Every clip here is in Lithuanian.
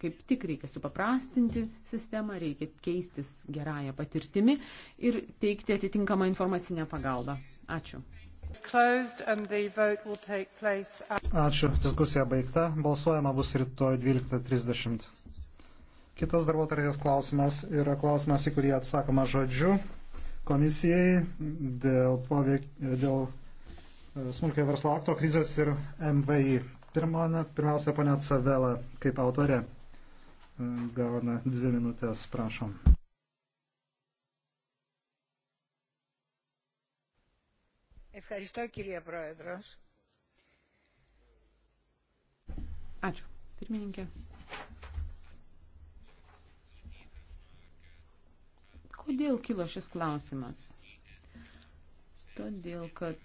kaip tik reikia supaprastinti sistemą, reikia keistis gerąją patirtimi ir teikti atitinkamą informacinę pagalbą. Ačiū. Ačiū. Diskusija baigta. Balsuojama bus rytoj 12.30. Kitas darbo tarties klausimas yra klausimas, į kurį atsakoma žodžiu komisijai dėl, poveik, dėl e, smulkio verslo akto krizės ir MVI. Pirmona, pirmiausia, ponia Cavela, kaip autorė, e, gauna dvi minutės, prašom. Ευχαριστώ κύριε Πρόεδρος. Ačiū. Pirmininkė. Kodėl kilo šis klausimas? Todėl, kad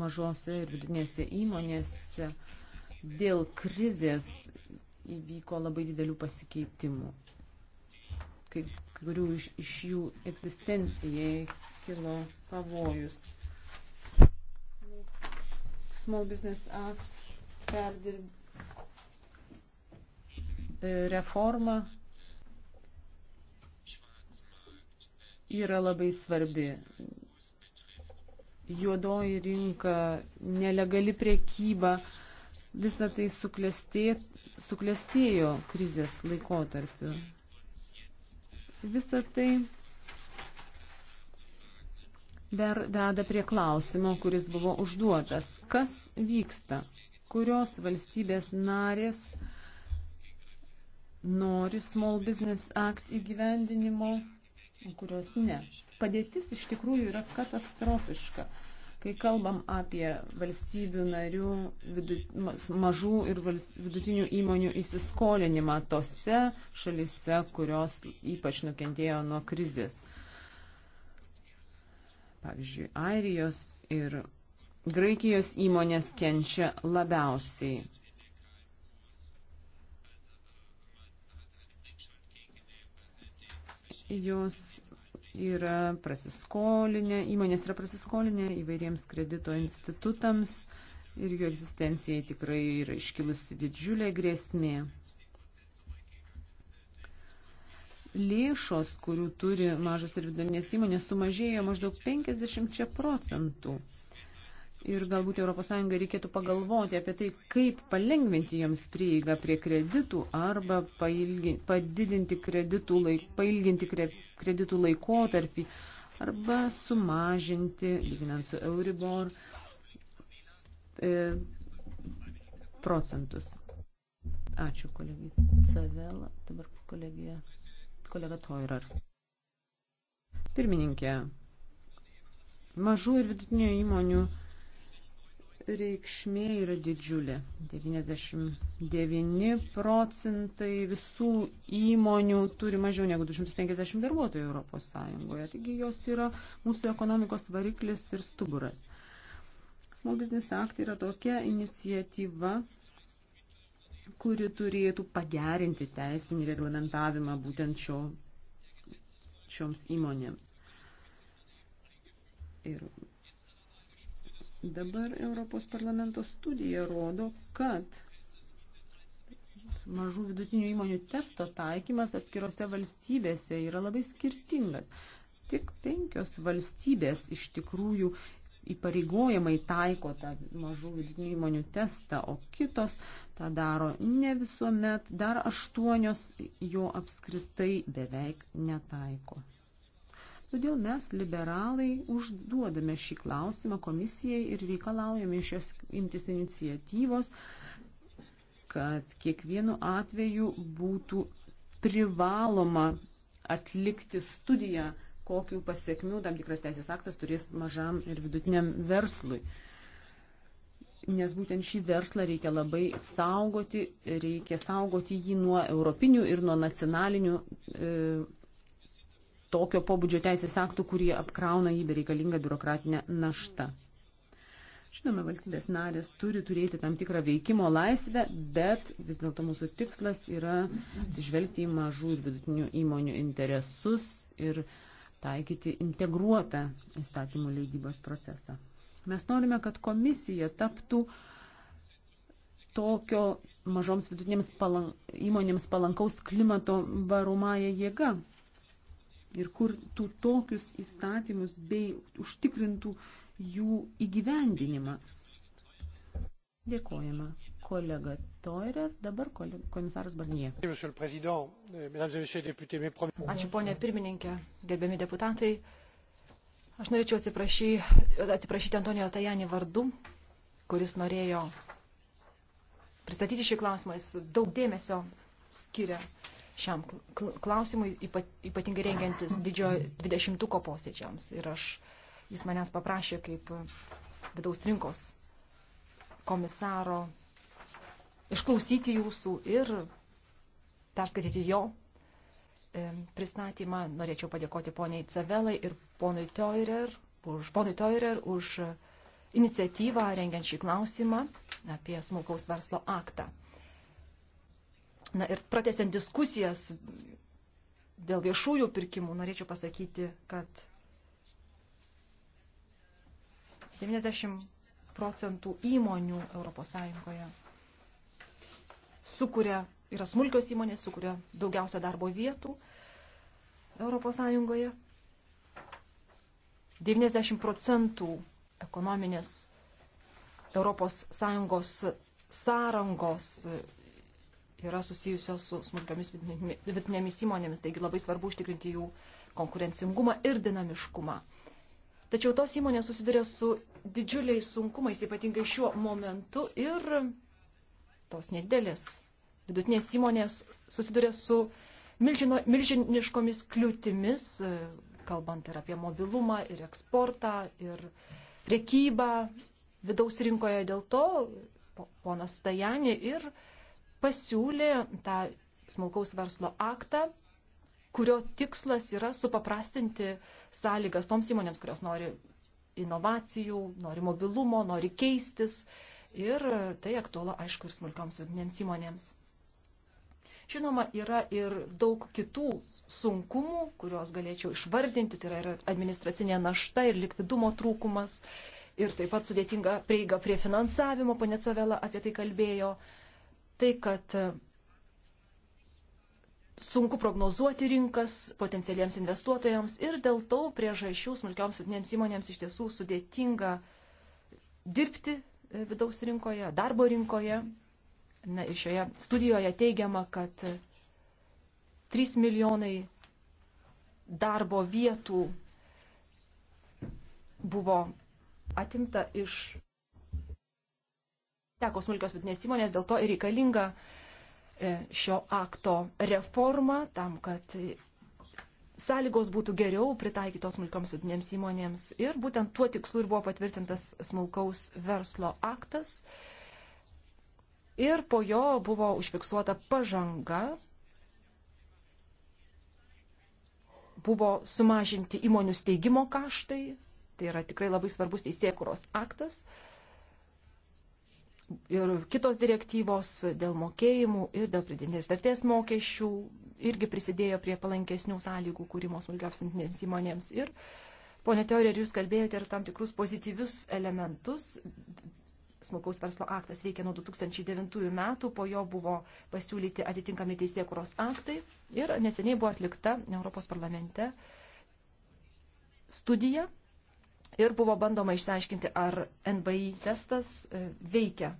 mažose ir vidinėse įmonėse dėl krizės įvyko labai didelių pasikeitimų, kai kurių iš, iš jų egzistencijai kilo pavojus. Small Business Act perdirb... E, reforma yra labai svarbi juodoji rinka, nelegali priekyba, visa tai suklestė, suklestėjo krizės laikotarpiu. Visa tai dar veda prie klausimo, kuris buvo užduotas. Kas vyksta? Kurios valstybės narės nori Small Business Act įgyvendinimo? kurios ne. Padėtis iš tikrųjų yra katastrofiška. Kai kalbam apie valstybių narių vidut, mažų ir vidutinių įmonių įsiskolinimą tose šalise, kurios ypač nukentėjo nuo krizės. Pavyzdžiui, Airijos ir Graikijos įmonės kenčia labiausiai. jos yra prasiskolinę, įmonės yra prasiskolinę įvairiems kredito institutams ir jų egzistencijai tikrai yra iškilusi didžiulė grėsmė. Lėšos, kurių turi mažos ir vidurinės įmonės, sumažėjo maždaug 50 procentų ir galbūt ES reikėtų pagalvoti apie tai, kaip palengventi jiems prieigą prie kreditų arba pailgi, padidinti kreditų, laik, pailginti kre, kreditų laikotarpį arba sumažinti, lyginant su Euribor, e, procentus. Ačiū kolegijai Cavela, dabar kolegija, kolega Toirar. Pirmininkė, mažų ir vidutinių įmonių reikšmė yra didžiulė. 99 procentai visų įmonių turi mažiau negu 250 darbuotojų Europos Sąjungoje. Taigi jos yra mūsų ekonomikos variklis ir stuburas. Small Business Act yra tokia iniciatyva, kuri turėtų pagerinti teisinį reglamentavimą būtent šio, šioms įmonėms. Ir Dabar Europos parlamento studija rodo, kad mažų vidutinių įmonių testo taikymas atskirose valstybėse yra labai skirtingas. Tik penkios valstybės iš tikrųjų įpareigojamai taiko tą mažų vidutinių įmonių testą, o kitos tą daro ne visuomet, dar aštuonios jo apskritai beveik netaiko. Todėl mes, liberalai, užduodame šį klausimą komisijai ir reikalaujame iš jos imtis iniciatyvos, kad kiekvienu atveju būtų privaloma atlikti studiją, kokiu pasiekmių tam tikras teisės aktas turės mažam ir vidutiniam verslui nes būtent šį verslą reikia labai saugoti, reikia saugoti jį nuo europinių ir nuo nacionalinių e, tokio pobūdžio teisės aktų, kurie apkrauna jį bereikalingą biurokratinę naštą. Žinoma, valstybės narės turi turėti tam tikrą veikimo laisvę, bet vis dėlto mūsų tikslas yra atsižvelgti į mažų ir vidutinių įmonių interesus ir taikyti integruotą įstatymų leidybos procesą. Mes norime, kad komisija taptų tokio mažoms vidutinėms palank, įmonėms palankaus klimato varomąją jėgą ir kurtų tokius įstatymus bei užtikrintų jų įgyvendinimą. Dėkojame kolega Toirer, dabar komisaras Barnie. Ačiū ponė pirmininkė, gerbiami deputatai. Aš norėčiau atsiprašyti, atsiprašyti Antonijo Tajani vardu, kuris norėjo pristatyti šį klausimą. Jis daug dėmesio skiria šiam klausimui, ypatingai rengiantis didžiojo 20-ko posėdžiams. Ir aš, jis manęs paprašė kaip e, vidaus rinkos komisaro išklausyti jūsų ir perskaityti jo e, pristatymą. Norėčiau padėkoti poniai Cavelai ir ponui Teurer už, ponui Teurer už iniciatyvą rengiant šį klausimą apie smulkaus verslo aktą. Na ir pratesiant diskusijas dėl viešųjų pirkimų, norėčiau pasakyti, kad 90 procentų įmonių ES sukuria, yra smulkios įmonės, sukuria daugiausia darbo vietų ES. 90 procentų ekonominės ES sąrangos yra susijusios su smulkiomis vidinėmis įmonėmis, taigi labai svarbu užtikrinti jų konkurencingumą ir dinamiškumą. Tačiau tos įmonės susiduria su didžiuliais sunkumais, ypatingai šiuo momentu ir tos nedidelės vidutinės įmonės susiduria su milžino, milžiniškomis kliūtimis, kalbant ir apie mobilumą, ir eksportą, ir priekybą vidaus rinkoje. Dėl to ponas Tajani ir pasiūlė tą smulkaus verslo aktą, kurio tikslas yra supaprastinti sąlygas toms įmonėms, kurios nori inovacijų, nori mobilumo, nori keistis. Ir tai aktuola, aišku, ir smulkioms vidinėms įmonėms. Žinoma, yra ir daug kitų sunkumų, kuriuos galėčiau išvardinti, tai yra ir administracinė našta, ir likvidumo trūkumas, ir taip pat sudėtinga prieiga prie finansavimo, ponė Cavela apie tai kalbėjo. Uh, tai, kad e, sunku prognozuoti rinkas potencialiems investuotojams ir dėl to priežasčių smulkioms vidinėms įmonėms iš tiesų sudėtinga dirbti e, vidaus rinkoje, darbo rinkoje. Na ir šioje studijoje teigiama, kad 3 e, milijonai darbo vietų buvo atimta iš teko smulkios vidinės įmonės, dėl to ir reikalinga e, šio akto reforma tam, kad sąlygos būtų geriau pritaikytos smulkioms vidinėms įmonėms. Ir būtent tuo tikslu ir buvo patvirtintas smulkaus verslo aktas. Ir po jo buvo užfiksuota pažanga, buvo sumažinti įmonių steigimo kaštai, tai yra tikrai labai svarbus teisėkuros aktas. Uh, ir kitos direktyvos dėl mokėjimų ir dėl pridinės vertės mokesčių irgi prisidėjo prie palankesnių sąlygų kūrimo smulkiausiantinėms įmonėms. Ir, ponė Teorė, jūs kalbėjote ir tam tikrus pozityvius elementus. Smulkaus verslo aktas veikia nuo 2009 metų, po jo buvo pasiūlyti atitinkami teisėkuros aktai ir neseniai buvo atlikta Europos parlamente studija ir buvo bandoma išsiaiškinti, ar NBI testas e, veikia.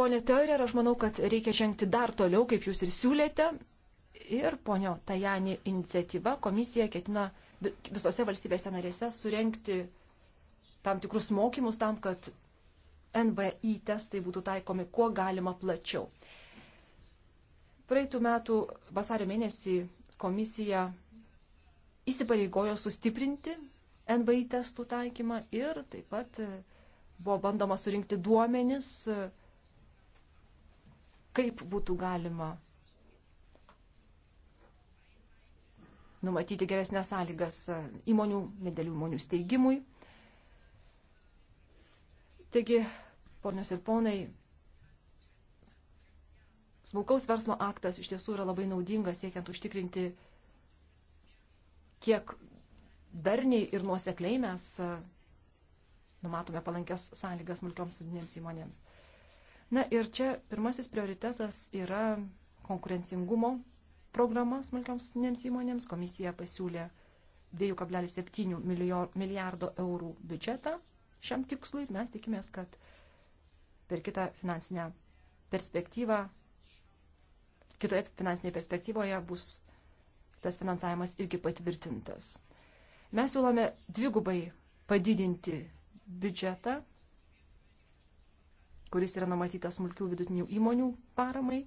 Pone Teorer, aš manau, kad reikia žengti dar toliau, kaip jūs ir siūlėte. Ir ponio Tajani iniciatyva komisija ketina visose valstybėse narėse surenkti tam tikrus mokymus tam, kad NBI testai būtų taikomi kuo galima plačiau. Praeitų metų vasario mėnesį komisija įsipareigojo sustiprinti NVI testų taikymą ir taip pat e, buvo bandoma surinkti duomenis, e, kaip būtų galima numatyti geresnės sąlygas e, įmonių, nedėlių įmonių steigimui. Taigi, ponios ir ponai, Smulkaus verslo aktas iš tiesų yra labai naudingas siekiant užtikrinti kiek darniai ir nuosekliai mes e, numatome palankias sąlygas smulkioms vidinėms įmonėms. Na ir čia pirmasis prioritetas yra konkurencingumo programa smulkioms vidinėms įmonėms. Komisija pasiūlė 2,7 milijardo eurų biudžetą šiam tikslui. Mes tikimės, kad per kitą finansinę perspektyvą, kitoje finansinėje perspektyvoje bus tas finansavimas irgi patvirtintas. Mes siūlome dvigubai padidinti biudžetą, kuris yra numatytas smulkių vidutinių įmonių paramai.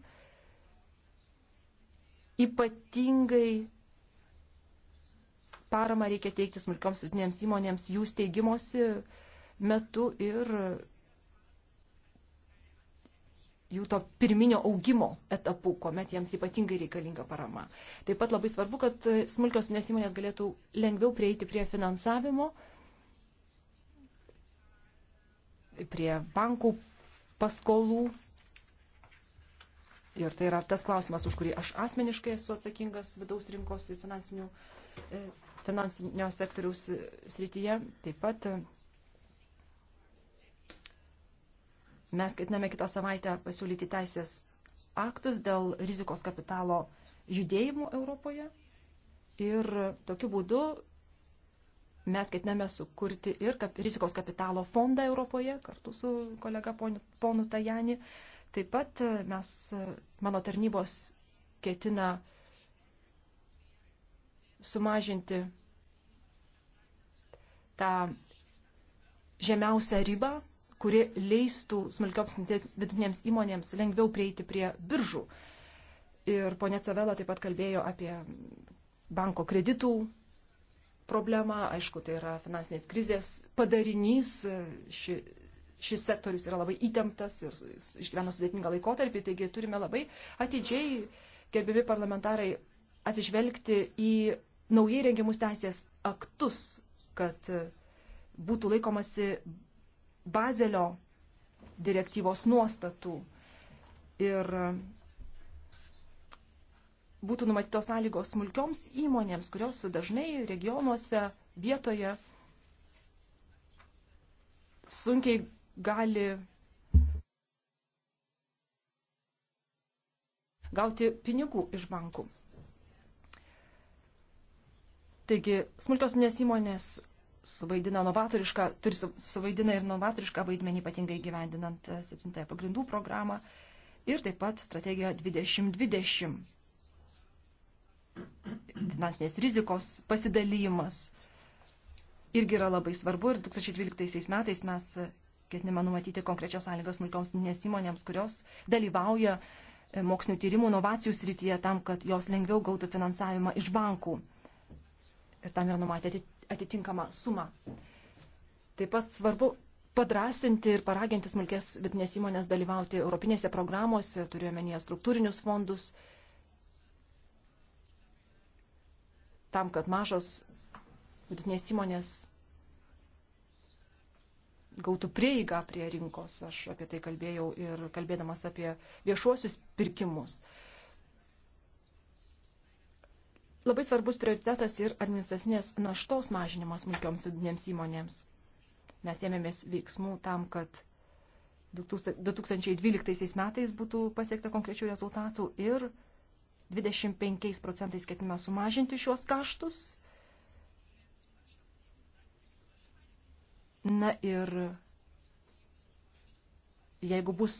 Ypatingai paramą reikia teikti smulkioms vidutinėms įmonėms jų steigimosi metu ir jų to pirminio augimo etapu, kuomet jiems ypatingai reikalinga parama. Taip pat labai svarbu, kad e, smulkios nes įmonės galėtų lengviau prieiti prie finansavimo, prie bankų paskolų. Ir tai yra tas klausimas, už kurį aš asmeniškai esu atsakingas vidaus rinkos ir e, finansinio sektoriaus e, srityje. Taip pat Mes ketiname kitą savaitę pasiūlyti teisės aktus dėl rizikos kapitalo judėjimų Europoje. Ir tokiu būdu mes ketiname sukurti ir kap, rizikos kapitalo fondą Europoje kartu su kolega ponu, ponu Tajani. Taip pat e, mes, e, mano tarnybos ketina sumažinti tą žemiausią ribą kuri leistų smulkioms vidutinėms įmonėms lengviau prieiti prie biržų. Ir ponė Cavela taip pat kalbėjo apie banko kreditų problemą. Aišku, tai yra finansinės krizės padarinys. Ši, šis sektorius yra labai įtemptas ir išgyvena sudėtingą laikotarpį, taigi turime labai atidžiai, gerbiami parlamentarai, atsižvelgti į naujai rengiamus teisės aktus, kad būtų laikomasi Bazelio direktyvos nuostatų ir būtų numatytos sąlygos smulkioms įmonėms, kurios dažnai regionuose vietoje sunkiai gali gauti pinigų iš bankų. Taigi smulkios nes įmonės suvaidina novatorišką, turi suvaidina ir novatorišką vaidmenį, ypatingai gyvendinant 7 e, pagrindų programą ir taip pat strategiją 2020. Finansinės rizikos pasidalymas irgi yra labai svarbu ir 2012 metais mes ketinime numatyti konkrečias sąlygas smulkioms įmonėms, kurios dalyvauja e, mokslinio tyrimų, inovacijų srityje tam, kad jos lengviau gautų finansavimą iš bankų. Ir tam yra numatyti atitinkamą sumą. Taip pat svarbu padrasinti ir paraginti smulkės vidinės įmonės dalyvauti europinėse programuose, turiuomenyje struktūrinius fondus, tam, kad mažos vidutinės įmonės gautų prieigą prie rinkos. Aš apie tai kalbėjau ir kalbėdamas apie viešuosius pirkimus. Labai svarbus prioritetas ir administracinės naštos mažinimas smulkioms vidinėms įmonėms. Mes ėmėmės veiksmų tam, kad 2012 metais būtų pasiekta konkrečių rezultatų ir 25 procentais ketiname sumažinti šiuos kaštus. Na ir jeigu bus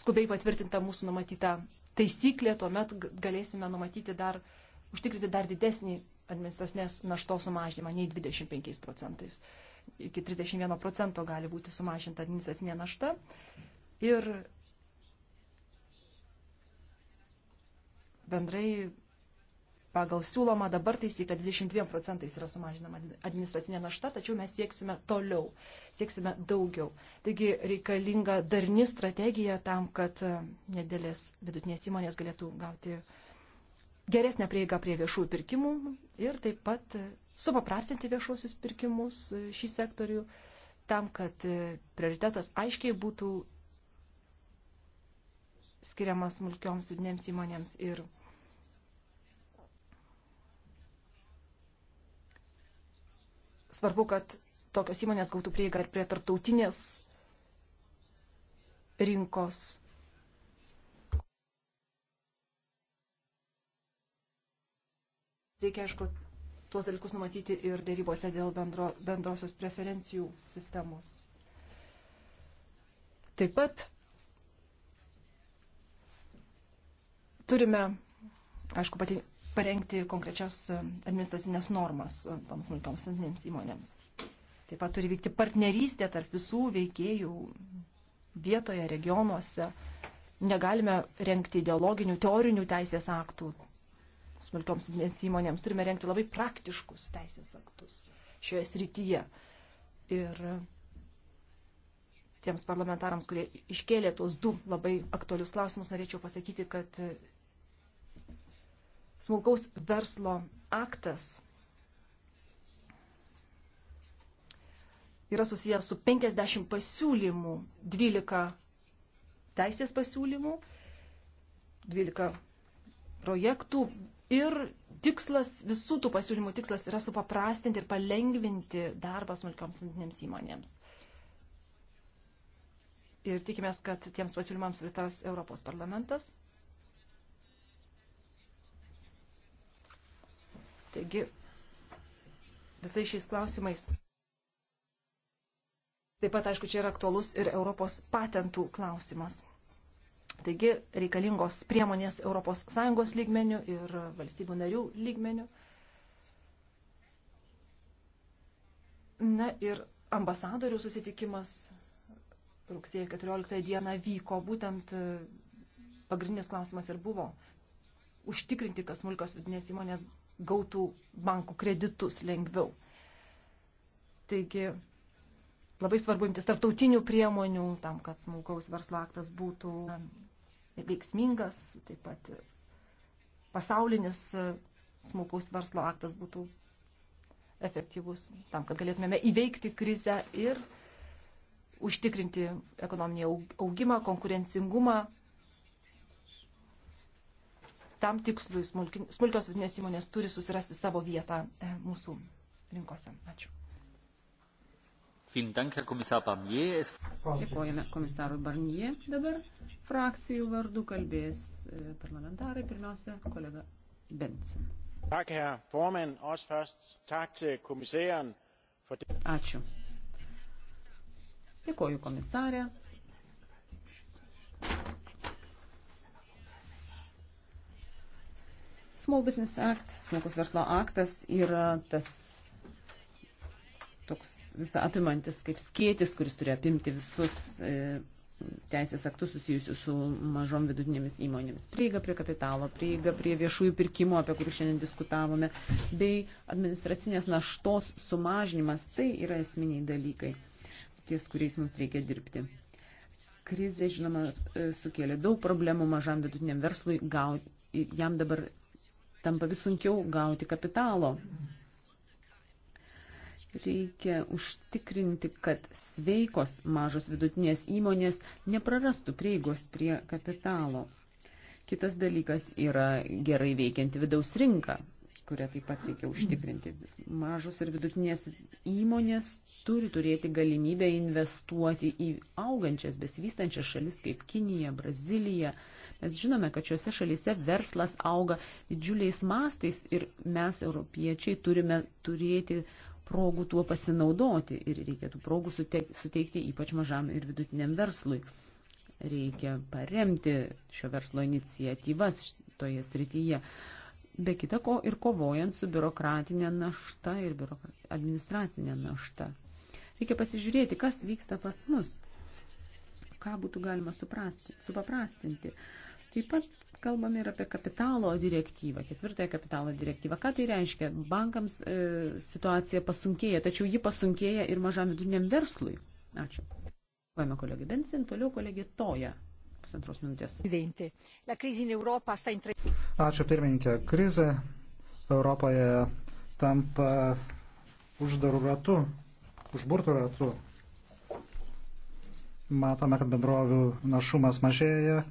skubiai patvirtinta mūsų numatyta taisyklė, tuomet galėsime numatyti dar 25 užtikrinti dar didesnį administracinės naštos sumažinimą nei 25 procentais. Iki 31 procento gali būti sumažinta administracinė našta. Ir bendrai pagal siūlomą dabar taisyklę 22 procentais yra sumažinama administracinė našta, tačiau mes sieksime toliau, sieksime daugiau. Taigi reikalinga darni strategija tam, kad nedėlės vidutinės įmonės galėtų gauti uh, geresnę prieigą prie viešųjų pirkimų ir taip pat supaprastinti viešuosius pirkimus e, šį sektorių tam, kad e, prioritetas aiškiai būtų skiriamas smulkioms vidinėms įmonėms ir svarbu, kad tokios įmonės gautų prieigą ir prie tarptautinės rinkos reikia, aišku, tuos dalykus numatyti ir dėrybose dėl bendro, bendrosios preferencijų sistemos. Taip pat turime, aišku, pati, parengti konkrečias administracinės normas toms smulkioms įmonėms. Taip pat turi vykti partnerystė tarp visų veikėjų vietoje, regionuose. Negalime renkti ideologinių, teorinių teisės aktų smulkioms įmonėms. Turime renkti labai praktiškus teisės aktus šioje srityje. Ir tiems parlamentarams, kurie iškėlė tuos du labai aktualius klausimus, norėčiau pasakyti, kad smulkaus verslo aktas yra susijęs su 50 pasiūlymų, 12 teisės pasiūlymų, 12 projektų, Ir tikslas, visų tų pasiūlymų tikslas yra supaprastinti ir palengvinti darbą smulkioms antinėms įmonėms. Ir tikimės, kad tiems pasiūlymams pritars Europos parlamentas. Taigi, visai šiais klausimais. Taip pat, aišku, čia yra aktualus ir Europos patentų klausimas. Taigi reikalingos priemonės ES lygmenių ir valstybių narių lygmenių. Na ir ambasadorių susitikimas rugsėjo 14 dieną vyko, būtent e, pagrindinis klausimas ir buvo užtikrinti, kad smulkios vidinės įmonės gautų bankų kreditus lengviau. Taigi Labai svarbu imtis tarptautinių priemonių tam, kad smulkaus verslo aktas būtų veiksmingas, taip pat pasaulinis smulkaus verslo aktas būtų efektyvus, tam, kad galėtumėme įveikti krizę ir užtikrinti ekonominį augimą, konkurencingumą. Tam tikslui smulkios vidinės įmonės turi susirasti savo vietą e, mūsų rinkose. Ačiū. Dėkojame komisarui Barnie. Dabar frakcijų vardu kalbės e, parlamentarai, pirmiausia, kolega Benson. Ačiū. Dėkoju komisarė. Small Business Act, smulkus verslo aktas yra tas toks visą apimantis kaip skėtis, kuris turi apimti visus e, teisės aktus susijusius su mažom vidutinėmis įmonėmis. Prieiga prie kapitalo, prieiga prie viešųjų pirkimų, apie kurį šiandien diskutavome, bei administracinės naštos sumažinimas, tai yra esminiai dalykai, ties kuriais mums reikia dirbti. Krizė, žinoma, e, sukėlė daug problemų mažam vidutiniam verslui, gauti, jam dabar tampa vis sunkiau gauti kapitalo. Reikia užtikrinti, kad sveikos mažos vidutinės įmonės neprarastų prieigos prie kapitalo. Kitas dalykas yra gerai veikianti vidaus rinka, kurią taip pat reikia užtikrinti. Mažos ir vidutinės įmonės turi turėti galimybę investuoti į augančias, besivystančias šalis kaip Kinija, Brazilija. Mes žinome, kad šiuose šalise verslas auga didžiuliais mastais ir mes, europiečiai, turime turėti progų tuo pasinaudoti ir reikia tų progų suteikti ypač mažam ir vidutiniam verslui. Reikia paremti šio verslo iniciatyvas toje srityje. Be kita ko ir kovojant su biurokratinė našta ir administracinė našta. Reikia pasižiūrėti, kas vyksta pas mus, ką būtų galima suprasti, supaprastinti. Taip pat kalbame ir apie kapitalo direktyvą, ketvirtąją kapitalo direktyvą. Ką tai reiškia? Bankams e, situacija pasunkėja, tačiau ji pasunkėja ir mažam vidutiniam verslui. Ačiū. Pojame kolegė Bensin, toliau kolegė Toja. Pusantros minutės. Ačiū pirmininkė. Krize Europoje tampa uždarų ratų, užburtų ratų. Matome, kad bendrovių našumas mažėja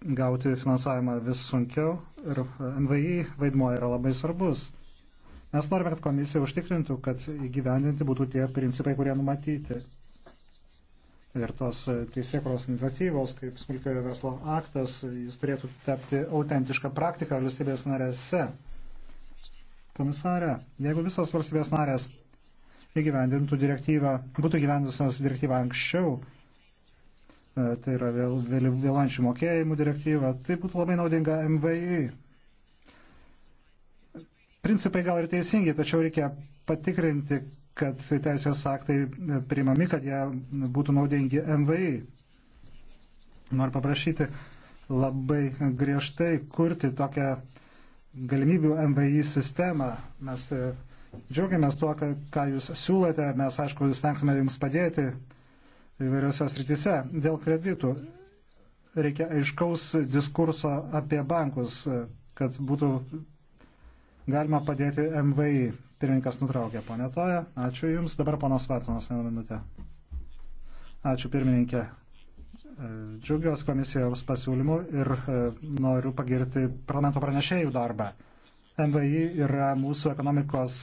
gauti finansavimą vis sunkiau ir MVI e, vaidmuo yra labai svarbus. Mes norime, kad komisija užtikrintų, kad įgyvendinti būtų tie principai, kurie numatyti. Ir tos e, teisėkros iniciatyvos, kaip smulkiojo verslo aktas, jis turėtų tapti autentišką praktiką valstybės narėse. Komisarė, jeigu visos valstybės narės įgyvendintų direktyvą, būtų įgyvendinusios direktyvą anksčiau, E, tai yra vėl, vėl, vėlančių mokėjimų direktyva, tai būtų labai naudinga MVI. Principai gal ir teisingi, tačiau reikia patikrinti, kad teisės aktai e, priimami, kad jie būtų naudingi MVI. Noriu paprašyti labai griežtai kurti tokią galimybių MVI sistemą. Mes e, džiaugiamės tuo, ką jūs siūlote, mes aišku, stengsime jums padėti įvairiose srityse. Dėl kreditų reikia aiškaus diskurso apie bankus, kad būtų galima padėti MVI. Pirmininkas nutraukė ponę Toją. Ačiū Jums. Dabar ponas Vatsonas vieną minutę. Ačiū pirmininkė. E, Džiugios komisijos pasiūlymų ir e, noriu pagirti parlamento pranešėjų darbą. MVI yra mūsų ekonomikos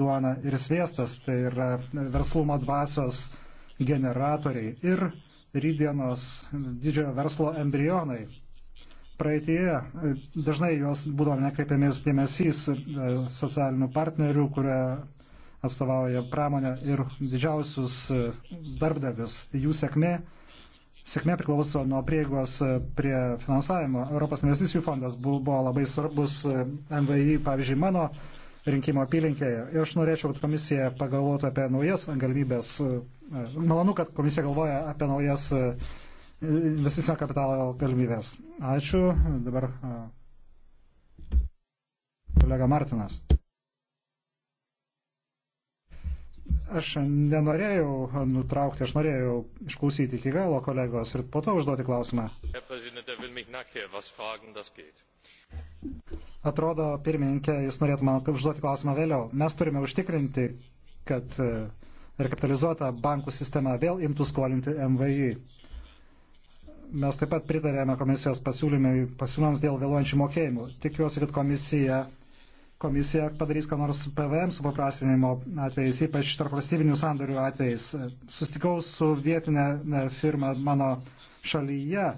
duona ir sviestas, tai yra verslumo dvasios generatoriai ir rydienos didžiojo verslo embrionai. Praeitie e, dažnai juos būdavo nekreipiamis dėmesys e, socialinių partnerių, kurie atstovauja pramonę ir didžiausius e, darbdavius. Jų sėkmė sėkmė priklauso nuo prieigos prie finansavimo. Europos investicijų fondas buvo labai svarbus MVI, pavyzdžiui, mano rinkimo apylinkėje. Ir aš norėčiau, kad komisija pagalvotų apie naujas galimybės. Malonu, kad komisija galvoja apie naujas e, investicinio kapitalo galimybės. Ačiū. Dabar e, kolega Martinas. Aš nenorėjau nutraukti, aš norėjau išklausyti iki galo kolegos ir po to užduoti klausimą. Atrodo, pirmininkė, jūs norėtų man užduoti klausimą vėliau. Mes turime užtikrinti, kad e, rekapitalizuota bankų sistema vėl imtų skolinti MVI. Mes taip pat pritarėme komisijos pasiūlymams dėl vėluojančių mokėjimų. Tikiuosi, kad komisija, komisija padarys ką nors PVM supaprastinimo atvejais, ypač tarp valstybinių sandorių atvejais. Sustikau su vietinė e, firma mano šalyje,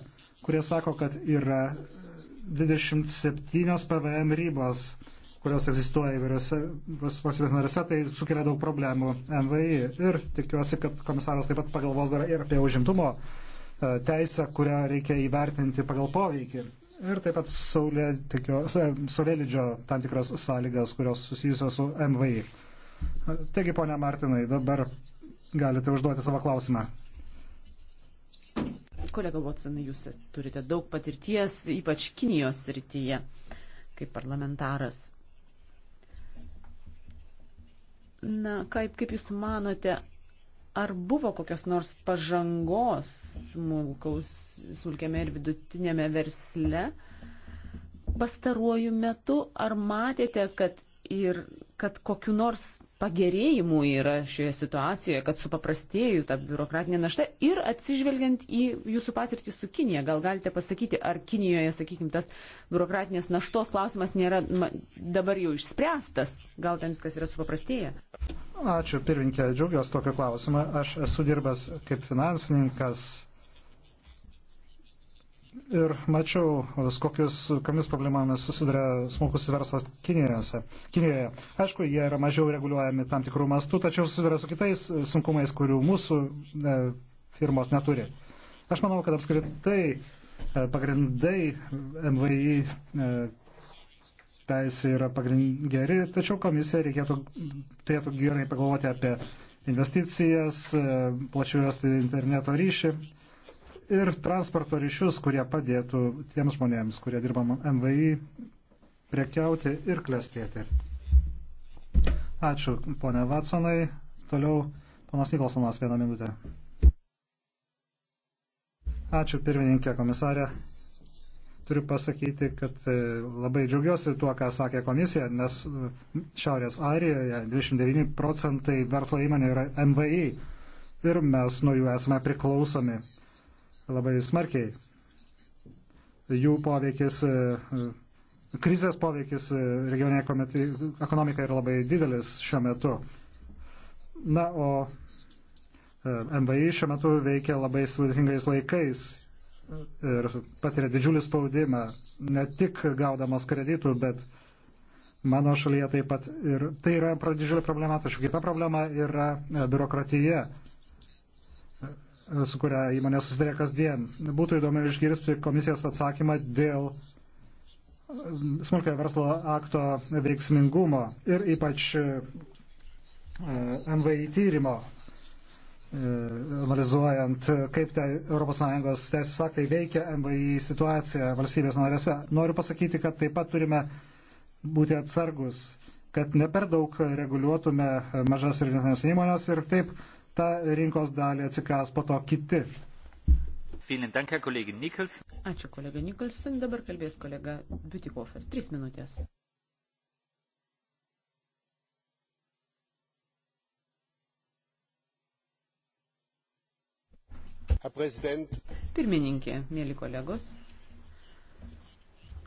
kurie sako, kad yra 27 PVM rybos, kurios egzistuoja įvairiose valstybės narėse, tai sukelia daug problemų MVI. Ir tikiuosi, kad komisaras taip pat pagalvos dar ir apie užimtumo e, teisę, kurią reikia įvertinti pagal poveikį. Ir taip pat e, saulėlydžio tam tikras sąlygas, kurios susijusios su MVI. Taigi, ponia Martinai, dabar galite užduoti savo klausimą. Kolega Watsonai, jūs turite daug patirties, ypač Kinijos srityje, kaip parlamentaras. Na, kaip, kaip jūs manote, ar buvo kokios nors pažangos smulkaus, smulkiame ir vidutinėme versle pastaruoju metu, ar matėte, kad ir kad kokiu nors pagerėjimų yra šioje situacijoje, kad supaprastėjus tą biurokratinę naštą ir atsižvelgiant į jūsų patirtį su Kinija, gal galite pasakyti, ar Kinijoje, sakykime, tas biurokratinės naštos klausimas nėra dabar jau išspręstas, gal ten viskas yra supaprastėję? Ačiū, pirminkė, džiaugiuosi tokio klausimą. Aš esu dirbęs kaip finansininkas ir mačiau, kokius, komis problemomis susiduria smulkus verslas Kinijose. Kinijoje. Aišku, jie yra mažiau reguliuojami tam tikrų mastų, tačiau susiduria su kitais e, sunkumais, kurių mūsų e, firmos neturi. Aš manau, kad apskritai e, pagrindai MVI e, teisė yra pagrind, geri, tačiau komisija reikėtų, turėtų gerai pagalvoti apie investicijas, e, plačių vesti interneto ryšį ir transporto ryšius, kurie padėtų tiems žmonėms, kurie dirba MVI, prekiauti ir klestėti. Ačiū, ponė Vatsonai. Toliau, ponas Nikolsonas, vieną minutę. Ačiū, pirmininkė komisarė. Turiu pasakyti, kad e, labai džiaugiuosi tuo, ką sakė komisija, nes e, Šiaurės Airijoje 29 procentai verslo įmonių yra MVI ir mes nuo jų esame priklausomi labai smarkiai. Jų poveikis, e, krizės poveikis e, regioninė ekonomika yra labai didelis šiuo metu. Na, o e, MVI šiuo metu veikia labai sudėtingais laikais ir patiria didžiulį spaudimą, ne tik gaudamas kreditų, bet mano šalyje taip pat ir tai yra didžiulė problema, tačiau kita problema yra biurokratija su kuria įmonė susidarė kasdien. Būtų įdomu išgirsti komisijos atsakymą dėl smulkio verslo akto veiksmingumo ir ypač e, MVI tyrimo, e, analizuojant, kaip te ES teisės aktai veikia MVI situaciją valstybės narėse. Noriu pasakyti, kad taip pat turime būti atsargus, kad ne per daug reguliuotume mažas ir vienas įmonės ir taip tą rinkos dalį atsikas po to kiti. Ačiū kolega Nikolson, dabar kalbės kolega Butikofer. Tris minutės. Pirmininkė, mėly kolegos,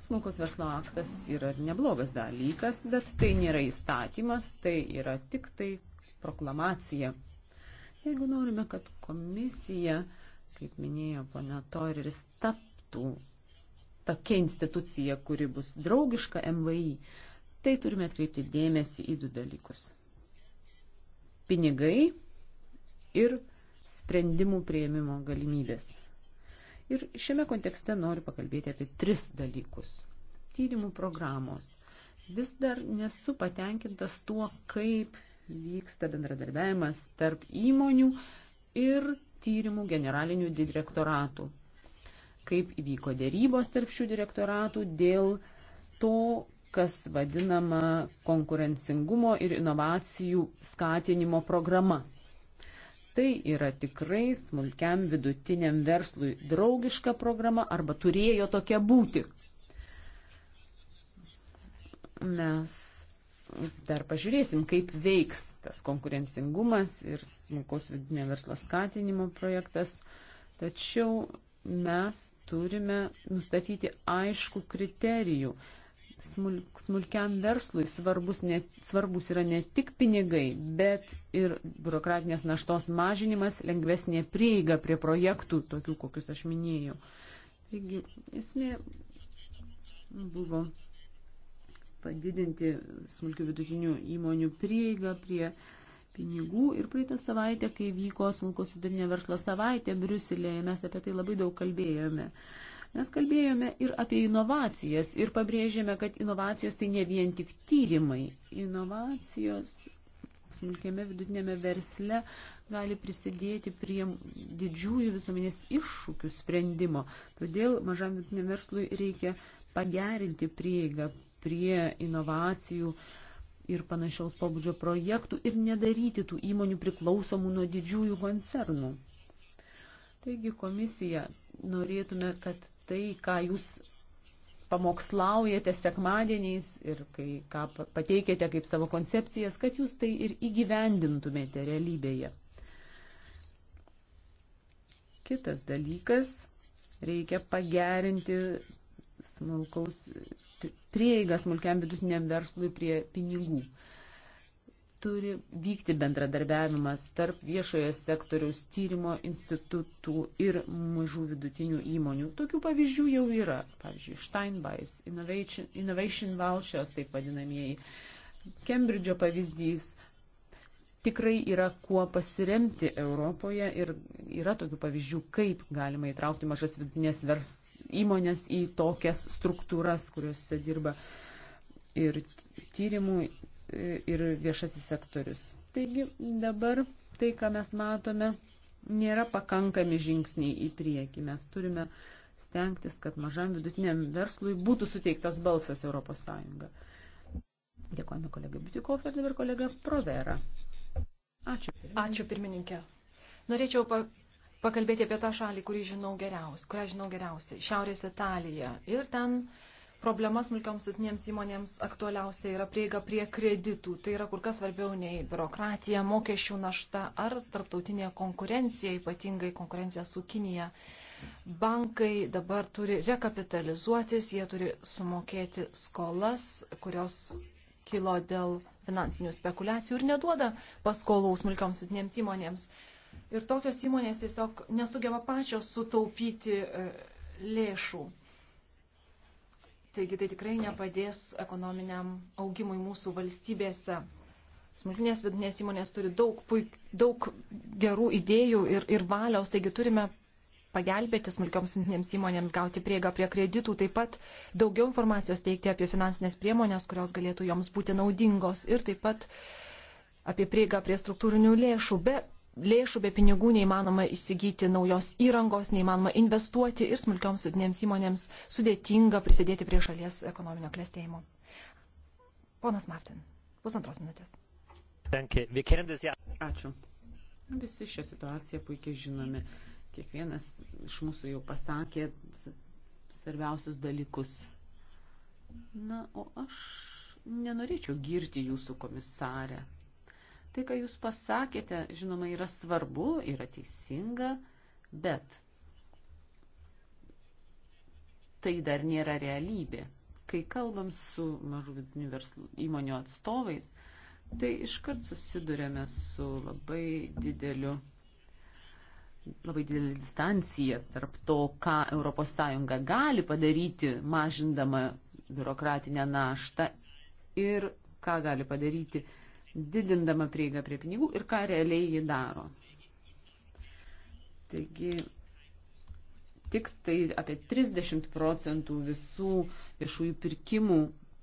smulkus verslo aktas yra neblogas dalykas, bet tai nėra įstatymas, tai yra tik tai proklamacija. Jeigu norime, kad komisija, kaip minėjo pana Toreris, taptų tokia institucija, kuri bus draugiška MVI, tai turime atkreipti dėmesį į du dalykus. Pinigai ir sprendimų prieimimo galimybės. Ir šiame kontekste noriu pakalbėti apie tris dalykus. Tyrimų programos. Vis dar nesu patenkintas tuo, kaip vyksta bendradarbiavimas tarp įmonių ir tyrimų generalinių direktoratų. Kaip įvyko dėrybos tarp šių direktoratų dėl to, kas vadinama konkurencingumo ir inovacijų skatinimo programa. Tai yra tikrai smulkiam vidutiniam verslui draugiška programa arba turėjo tokia būti. Mes dar pažiūrėsim, kaip veiks tas konkurencingumas ir smulkaus vidinio verslo skatinimo projektas. Tačiau mes turime nustatyti aišku kriterijų. Smulk, smulkiam verslui svarbus, ne, svarbus yra ne tik pinigai, bet ir biurokratinės naštos mažinimas, lengvesnė prieiga prie projektų, tokių kokius aš minėjau. Taigi, esmė buvo padidinti smulkių vidutinių įmonių prieigą prie pinigų. Ir praeitą savaitę, kai vyko smulkos vidutinio verslo savaitė Briuselėje, mes apie tai labai daug kalbėjome. Mes kalbėjome ir apie inovacijas ir pabrėžėme, kad inovacijos tai ne vien tik tyrimai. Inovacijos smulkiame vidutinėme versle gali prisidėti prie didžiųjų visuomenės iššūkių sprendimo. Todėl mažam vidutiniam verslui reikia pagerinti prieigą prie inovacijų ir panašaus pobūdžio projektų ir nedaryti tų įmonių priklausomų nuo didžiųjų koncernų. Taigi komisija, norėtume, kad tai, ką jūs pamokslaujate sekmadieniais ir kai, ką pateikėte kaip savo koncepcijas, kad jūs tai ir įgyvendintumėte realybėje. Kitas dalykas, reikia pagerinti smulkaus prieigą smulkiam vidutiniam verslui prie pinigų. Turi vykti bendradarbiavimas tarp viešojo sektoriaus tyrimo institutų ir mažų vidutinių įmonių. Tokių pavyzdžių jau yra. Pavyzdžiui, Steinbeis, Innovation, Innovation Vouchers, taip vadinamieji. Kembridžio pavyzdys, tikrai yra kuo pasiremti Europoje ir yra tokių pavyzdžių, kaip galima įtraukti mažas vidinės vers įmonės į tokias struktūras, kuriuose dirba ir tyrimų, ir viešasis sektorius. Taigi dabar tai, ką mes matome, nėra pakankami žingsniai į priekį. Mes turime stengtis, kad mažam vidutiniam verslui būtų suteiktas balsas ES. Dėkojame kolegai Bitikov ir dabar kolega Provera. Ačiū. Ačiū pirmininkė. Norėčiau pa pakalbėti apie tą šalį, kurį žinau geriausiai, kurią žinau geriausiai - Šiaurės Italija. Ir ten problemas smulkioms sitinėms įmonėms aktualiausia yra prieiga prie kreditų. Tai yra kur kas svarbiau nei biurokratija, mokesčių našta ar tarptautinė konkurencija, ypatingai konkurencija su Kinija. Bankai dabar turi rekapitalizuotis, jie turi sumokėti skolas, kurios kilo dėl finansinių spekulacijų ir neduoda paskolų smulkioms sitinėms įmonėms. Ir tokios įmonės tiesiog nesugeba pačios sutaupyti e, lėšų. Taigi tai tikrai nepadės ekonominiam augimui mūsų valstybėse. Smulkinės vidinės įmonės turi daug, puik, daug gerų idėjų ir, ir valios, taigi turime pagelbėti smulkioms įmonėms gauti prieigą prie kreditų, taip pat daugiau informacijos teikti apie finansinės priemonės, kurios galėtų joms būti naudingos ir taip pat apie prieigą prie struktūrinių lėšų. Be lėšų, be pinigų neįmanoma įsigyti naujos įrangos, neįmanoma investuoti ir smulkioms vidinėms įmonėms sudėtinga prisidėti prie šalies ekonominio klėstėjimo. Ponas Martin, pusantros minutės. Ačiū. Visi šią situaciją puikiai žinome. Kiekvienas iš mūsų jau pasakė svarbiausius dalykus. Na, o aš nenorėčiau girti jūsų komisarę. Tai, ką jūs pasakėte, žinoma, yra svarbu, yra teisinga, bet tai dar nėra realybė. Kai kalbam su mažų vidinių verslų įmonių atstovais, tai iškart susidurėme su labai dideliu labai didelė distancija tarp to, ką ES gali padaryti, mažindama biurokratinę naštą ir ką gali padaryti, didindama prieigą prie pinigų ir ką realiai ji daro. Taigi tik tai apie 30 procentų visų viešųjų pirkimų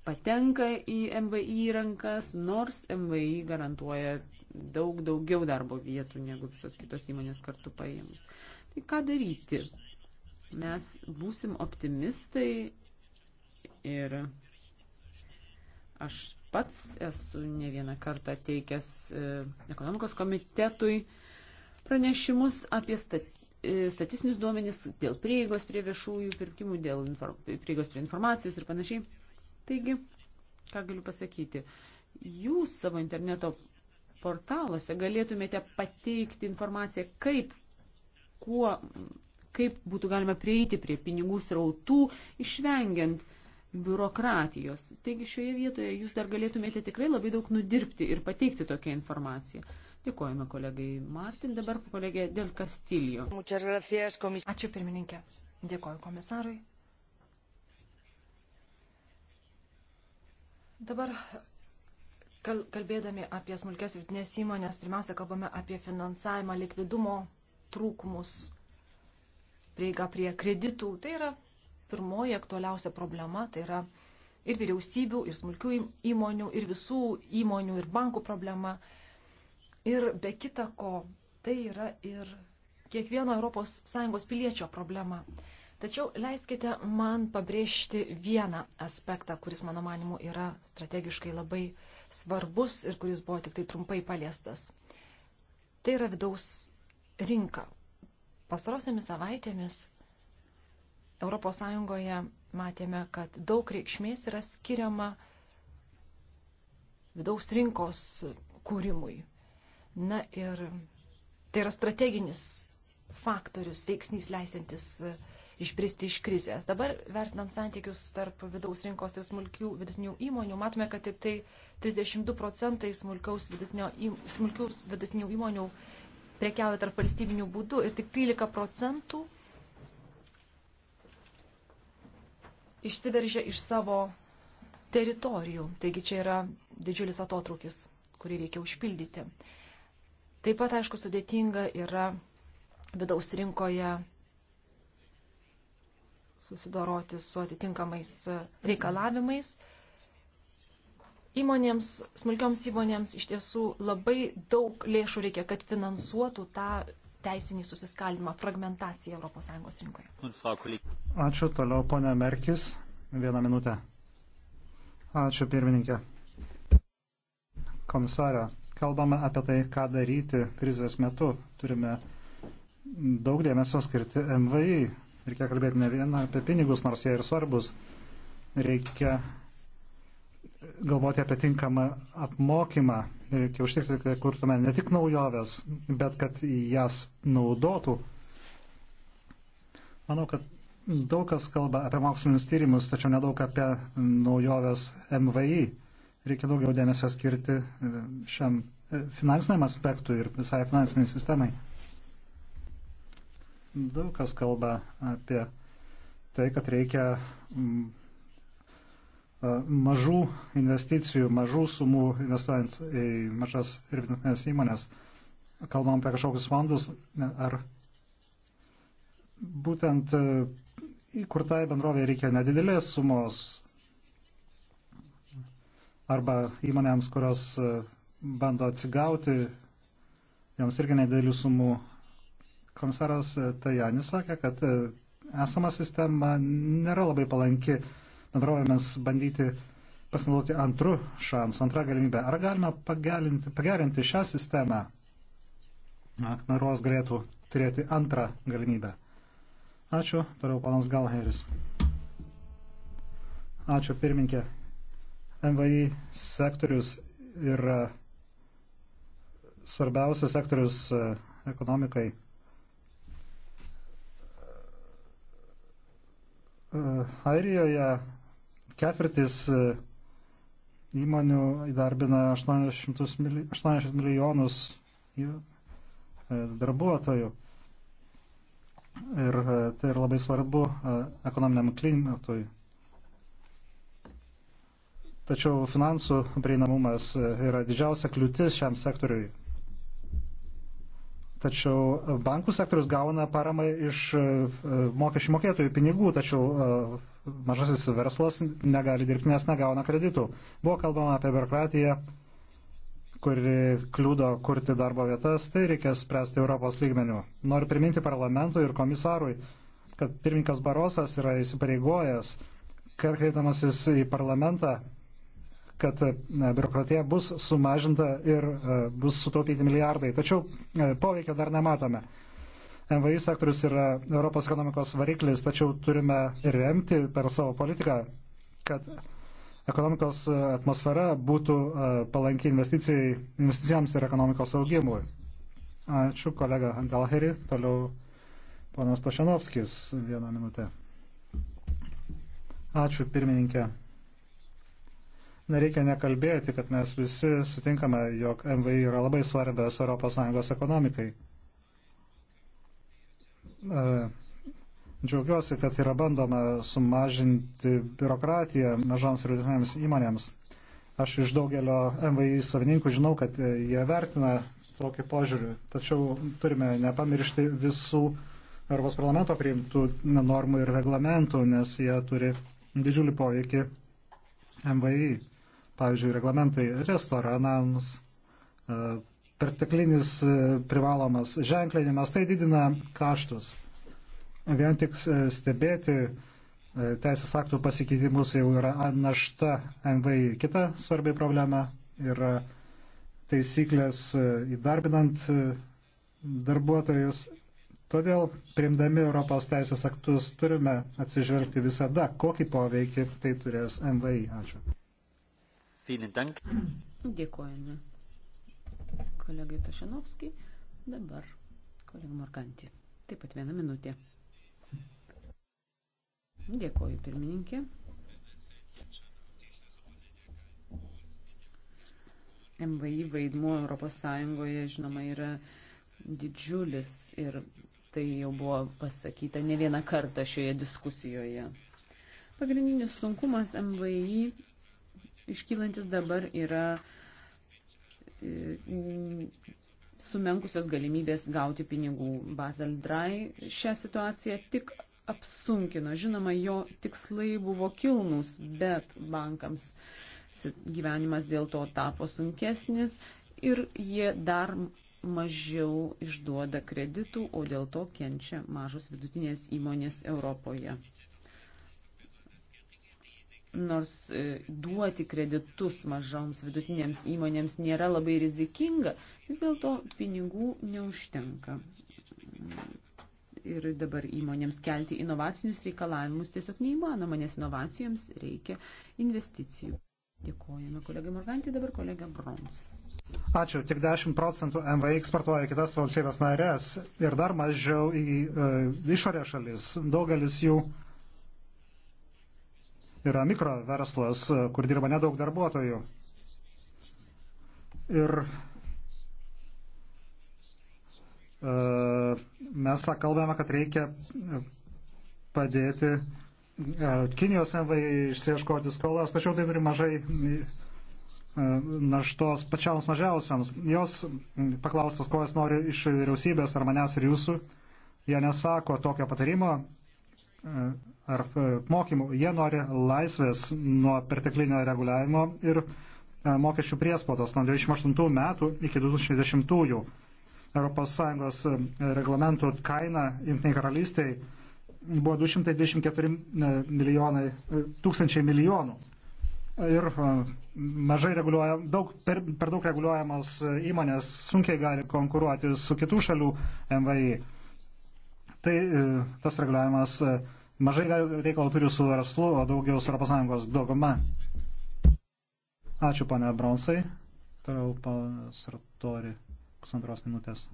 patenka į MVI rankas, nors MVI garantuoja daug daugiau darbo vietų negu visos kitos įmonės kartu paėmus. Tai ką daryti? Mes būsim optimistai ir aš pats esu ne vieną kartą teikęs e, ekonomikos komitetui pranešimus apie statistiką e, statistinius duomenis dėl prieigos prie viešųjų pirkimų, dėl prieigos prie informacijos ir panašiai. Taigi, ką galiu pasakyti, jūs savo interneto portaluose galėtumėte pateikti informaciją, kaip, kuo, kaip būtų galima prieiti prie pinigų srautų, išvengiant biurokratijos. Taigi šioje vietoje jūs dar galėtumėte tikrai labai daug nudirbti ir pateikti tokią informaciją. Dėkojame kolegai Martin, dabar kolegė Del Castillo. Ačiū pirmininkė. Dėkoju komisarui. Dabar kalbėdami apie smulkės vidutinės įmonės, pirmiausia, kalbame apie finansavimą, likvidumo trūkumus, prieiga prie kreditų. Tai yra pirmoji aktualiausia problema, tai yra ir vyriausybių, ir smulkių įmonių, ir visų įmonių, ir bankų problema. Ir be kita ko, tai yra ir kiekvieno ES piliečio problema. Tačiau leiskite man pabrėžti vieną aspektą, kuris mano manimu yra strategiškai labai svarbus svarbus ir kuris buvo tik tai trumpai paliestas. Tai yra vidaus rinka. Pastarosiamis savaitėmis ES matėme, kad daug reikšmės yra skiriama vidaus rinkos kūrimui. Na ir tai yra strateginis faktorius, veiksnys leisantis uh, išbristi iš krizės. Dabar, vertinant santykius tarp vidaus rinkos ir smulkių vidutinių įmonių, matome, kad tik tai 32 procentai smulkiaus vidutinio, smulkiaus vidutinių įmonių prekiauja tarp valstybinių būdų ir tik 13 procentų išsiveržia iš savo teritorijų. Taigi čia yra didžiulis atotrukis, kurį reikia užpildyti. Taip pat, aišku, sudėtinga yra vidaus rinkoje susidoroti su atitinkamais reikalavimais. Įmonėms, smulkioms įmonėms iš tiesų labai daug lėšų reikia, kad finansuotų tą teisinį susiskaldimą, fragmentaciją ES rinkoje. Ačiū toliau, ponia Merkis. Vieną minutę. Ačiū, pirmininkė. Komisarė, kalbame apie tai, ką daryti krizės metu. Turime daug dėmesio skirti MVI Reikia kalbėti ne vien apie pinigus, nors jie ir svarbus. Reikia galvoti apie tinkamą apmokymą. Reikia užtikrinti, kad kurtume ne tik naujoves, bet kad jas naudotų. Manau, kad daug kas kalba apie mokslinius tyrimus, tačiau nedaug apie naujoves MVI. Reikia daugiau dėmesio skirti šiam finansiniam aspektui ir visai finansiniai sistemai. Daug kas kalba apie tai, kad reikia mm, mažų investicijų, mažų sumų investuojant į mažas ir vidutinės įmonės. Kalbam apie kažkokius fondus, ar būtent įkurtai bendrovė reikia nedidelės sumos arba įmonėms, kurios bando atsigauti, joms irgi nedidelių sumų Komisaras e, Tajanis sakė, kad e, esama sistema nėra labai palanki bendrovėmis bandyti pasinaudoti antrų šansų, antrą galimybę. Ar galima pagelinti, pagerinti šią sistemą? Aknaros galėtų turėti antrą galimybę. Ačiū, toliau panas Galheris. Ačiū, pirminkė. MVI sektorius yra svarbiausias sektorius e, ekonomikai E, Airijoje ketvirtis e, įmonių įdarbina 800 milijonus e, darbuotojų. Ir tai yra labai svarbu ekonominiam klimatui. Tačiau finansų prieinamumas yra didžiausia kliūtis šiam sektoriui. Tačiau e, bankų sektorius gauna paramą iš e, e, mokesčių mokėtojų pinigų, tačiau mažasis verslas negali dirbti, nes negauna kreditų. Buvo kalbama apie biurokratiją, kuri kliūdo kurti darbo vietas, tai reikės spręsti Europos lygmenių. Noriu priminti parlamentui ir komisarui, kad pirmininkas Barosas yra įsipareigojęs, kad kreipdamasis į parlamentą kad e, biurokratija bus sumažinta ir e, bus sutaupyti milijardai. Tačiau e, poveikio dar nematome. MVI sektorius yra Europos ekonomikos variklis, tačiau turime remti per savo politiką, kad ekonomikos atmosfera būtų palanki investicijams ir ekonomikos augimui. Ačiū kolega Galheri. Toliau ponas Tošenovskis vieną minutę. Ačiū pirmininkė nereikia nekalbėti, kad mes visi sutinkame, jog MVI yra labai svarbios ES ekonomikai. E, džiaugiuosi, kad yra bandoma sumažinti biurokratiją mažoms ir vidutinėms įmonėms. Aš iš daugelio MVI savininkų žinau, kad jie vertina tokį požiūrį. Tačiau turime nepamiršti visų Europos parlamento priimtų normų ir reglamentų, nes jie turi didžiulį poveikį MVI pavyzdžiui, reglamentai restoranams, e, perteklinis e, privalomas ženklinimas, tai didina kaštus. Vien tik e, stebėti teisės aktų pasikeitimus jau yra našta MVI. Kita svarbi problema yra taisyklės įdarbinant darbuotojus. Todėl, priimdami Europos teisės aktus, turime atsižvelgti visada, kokį poveikį tai turės MVI. Ačiū. Dėkojame kolegai Tošinovskijai. Dabar kolega Morganti. Taip pat vieną minutę. Dėkoju, pirmininkė. MVI vaidmuo Europos Sąjungoje, žinoma, yra didžiulis ir tai jau buvo pasakyta ne vieną kartą šioje diskusijoje. Pagrindinis sunkumas MVI iškylantis dabar yra e, sumenkusios galimybės gauti pinigų. Basel Drai šią situaciją tik apsunkino. Žinoma, jo tikslai buvo kilnus, bet bankams gyvenimas dėl to tapo sunkesnis ir jie dar mažiau išduoda kreditų, o dėl to kenčia mažos vidutinės įmonės Europoje nors e, duoti kreditus mažoms vidutinėms įmonėms nėra labai rizikinga, vis dėlto pinigų neužtenka. Ir dabar įmonėms kelti inovacinius reikalavimus tiesiog neįmanoma, nes inovacijoms reikia investicijų. Dėkojame kolegai Morgantį, dabar kolega Brons. Ačiū. Tik 10 procentų MVI eksportuoja kitas valstybės narės ir dar mažiau į e, išorę šalis. Daugelis jų e, yra mikro verslas, kur dirba nedaug darbuotojų. Ir e, mes kalbame, kad reikia padėti e, Kinijos MVI išsieškoti skolas, tačiau tai turi mažai e, naštos pačiams mažiausiams. Jos paklaustas, ko jos nori iš vyriausybės ar manęs ir jūsų, jie nesako tokio patarimo, ar e, mokymų. Jie nori laisvės nuo perteklinio reguliavimo ir e, mokesčių priespaudos nuo 1998 metų iki 2010-ųjų. ES e, reglamentų kaina Junktiniai karalystiai buvo 224 milijonai, tūkstančiai milijonų. Ir mažai reguliuoja, daug, per, per daug reguliuojamos įmonės sunkiai gali konkuruoti su kitų šalių MVI tai e, tas reguliavimas e, mažai reikalo turi su verslu, o daugiau su ES dauguma. Ačiū, pane Bronsai. Toliau pas Sartori pusantros minutės.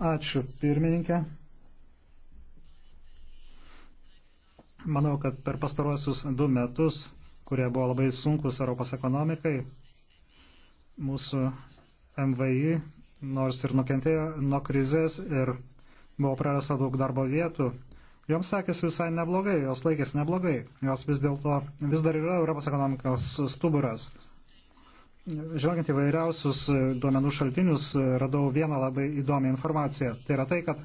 Ačiū, pirmininkė. Manau, kad per pastaruosius du metus, kurie buvo labai sunkus Europos ekonomikai, mūsų MVI nors ir nukentėjo nuo krizės ir buvo prarasta daug darbo vietų, joms sekės visai neblogai, jos laikės neblogai, jos vis dėlto vis dar yra Europos ekonomikos stuburas. Žvelgiant įvairiausius duomenų šaltinius, radau vieną labai įdomią informaciją. Tai yra tai, kad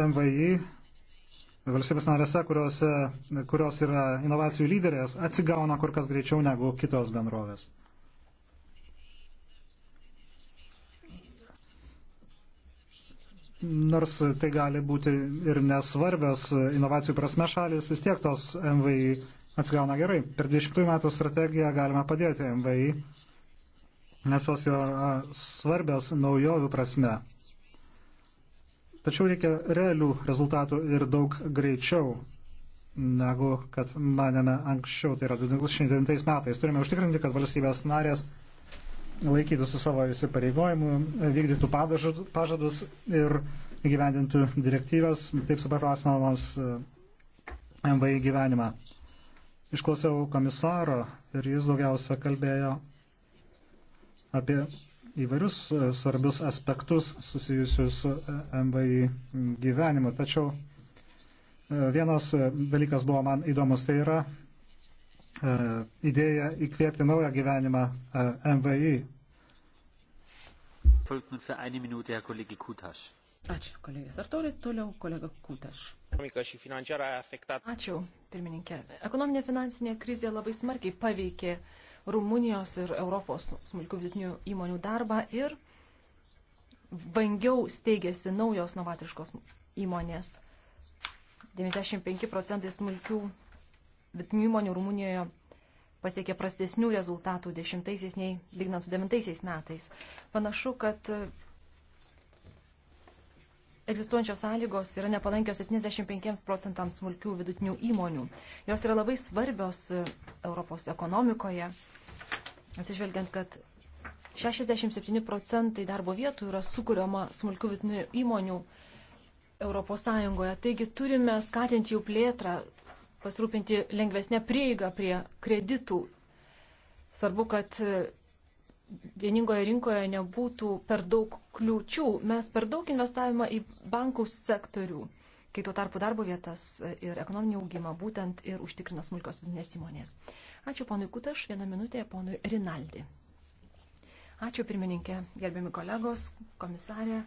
MVI valstybės narėse, kurios, kurios yra inovacijų lyderės, atsigauna kur kas greičiau negu kitos bendrovės. nors tai gali būti ir nesvarbios inovacijų prasme šalis, vis tiek tos MVI atsigauna gerai. Per 20 metų strategiją galima padėti MVI, nes jos yra svarbios naujovių prasme. Tačiau reikia realių rezultatų ir daug greičiau negu kad manėme anksčiau, tai yra 2009 metais. Turime užtikrinti, kad valstybės narės laikytųsi savo įsipareigojimų, vykdytų pažadus ir gyvendintų direktyvas, taip supaprastinamos e, MVI gyvenimą. Išklausiau komisaro ir jis daugiausia kalbėjo apie įvairius e, svarbius aspektus susijusius su e, MVI gyvenimu. Tačiau vienas dalykas buvo man įdomus, tai yra E, idėja įkvėpti naują gyvenimą e, MVI. Ačiū, kolegės. Ar turi toliau kolega Kūtaš? Ačiū, pirmininkė. Ekonominė finansinė krizė labai smarkiai paveikė Rumunijos ir Europos smulkių vidutinių įmonių darbą ir vangiau steigėsi naujos novatiškos įmonės. 95 procentai smulkių vidutinių įmonių Rumunijoje pasiekė prastesnių rezultatų dešimtaisiais nei lygnant su devintaisiais metais. Panašu, kad egzistuojančios sąlygos yra nepalankios 75 procentams smulkių vidutinių įmonių. Jos yra labai svarbios Europos ekonomikoje, atsižvelgiant, kad 67 procentai darbo vietų yra sukūriama smulkių vidutinių įmonių Europos Sąjungoje. Taigi turime skatinti jų plėtrą, pasirūpinti lengvesnę prieigą prie kreditų. Svarbu, kad e, vieningoje rinkoje nebūtų per daug kliūčių. Mes per daug investavimą į bankų sektorių, kai tuo tarpu darbo vietas e, ir ekonominį augimą būtent ir užtikrina smulkios vidinės įmonės. Ačiū ponui Kutaš, vieną minutę ponui Rinaldi. Ačiū pirmininkė, gerbiami kolegos, komisarė.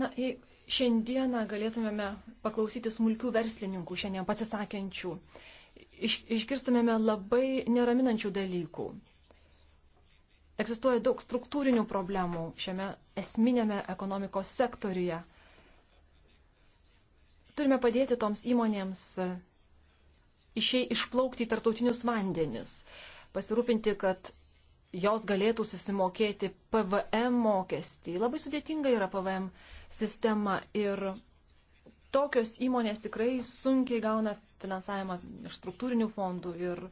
Na, jei Šiandieną galėtumėme paklausyti smulkių verslininkų, šiandien pasisakiančių. Iš, išgirstumėme labai neraminančių dalykų. Egzistuoja daug struktūrinių problemų šiame esminėme ekonomikos sektoriuje. Turime padėti toms įmonėms išėjai išplaukti į tartautinius vandenis, pasirūpinti, kad jos galėtų susimokėti PVM mokestį. Labai sudėtinga yra PVM mokestį sistemą ir tokios įmonės tikrai sunkiai gauna finansavimą iš struktūrinių fondų ir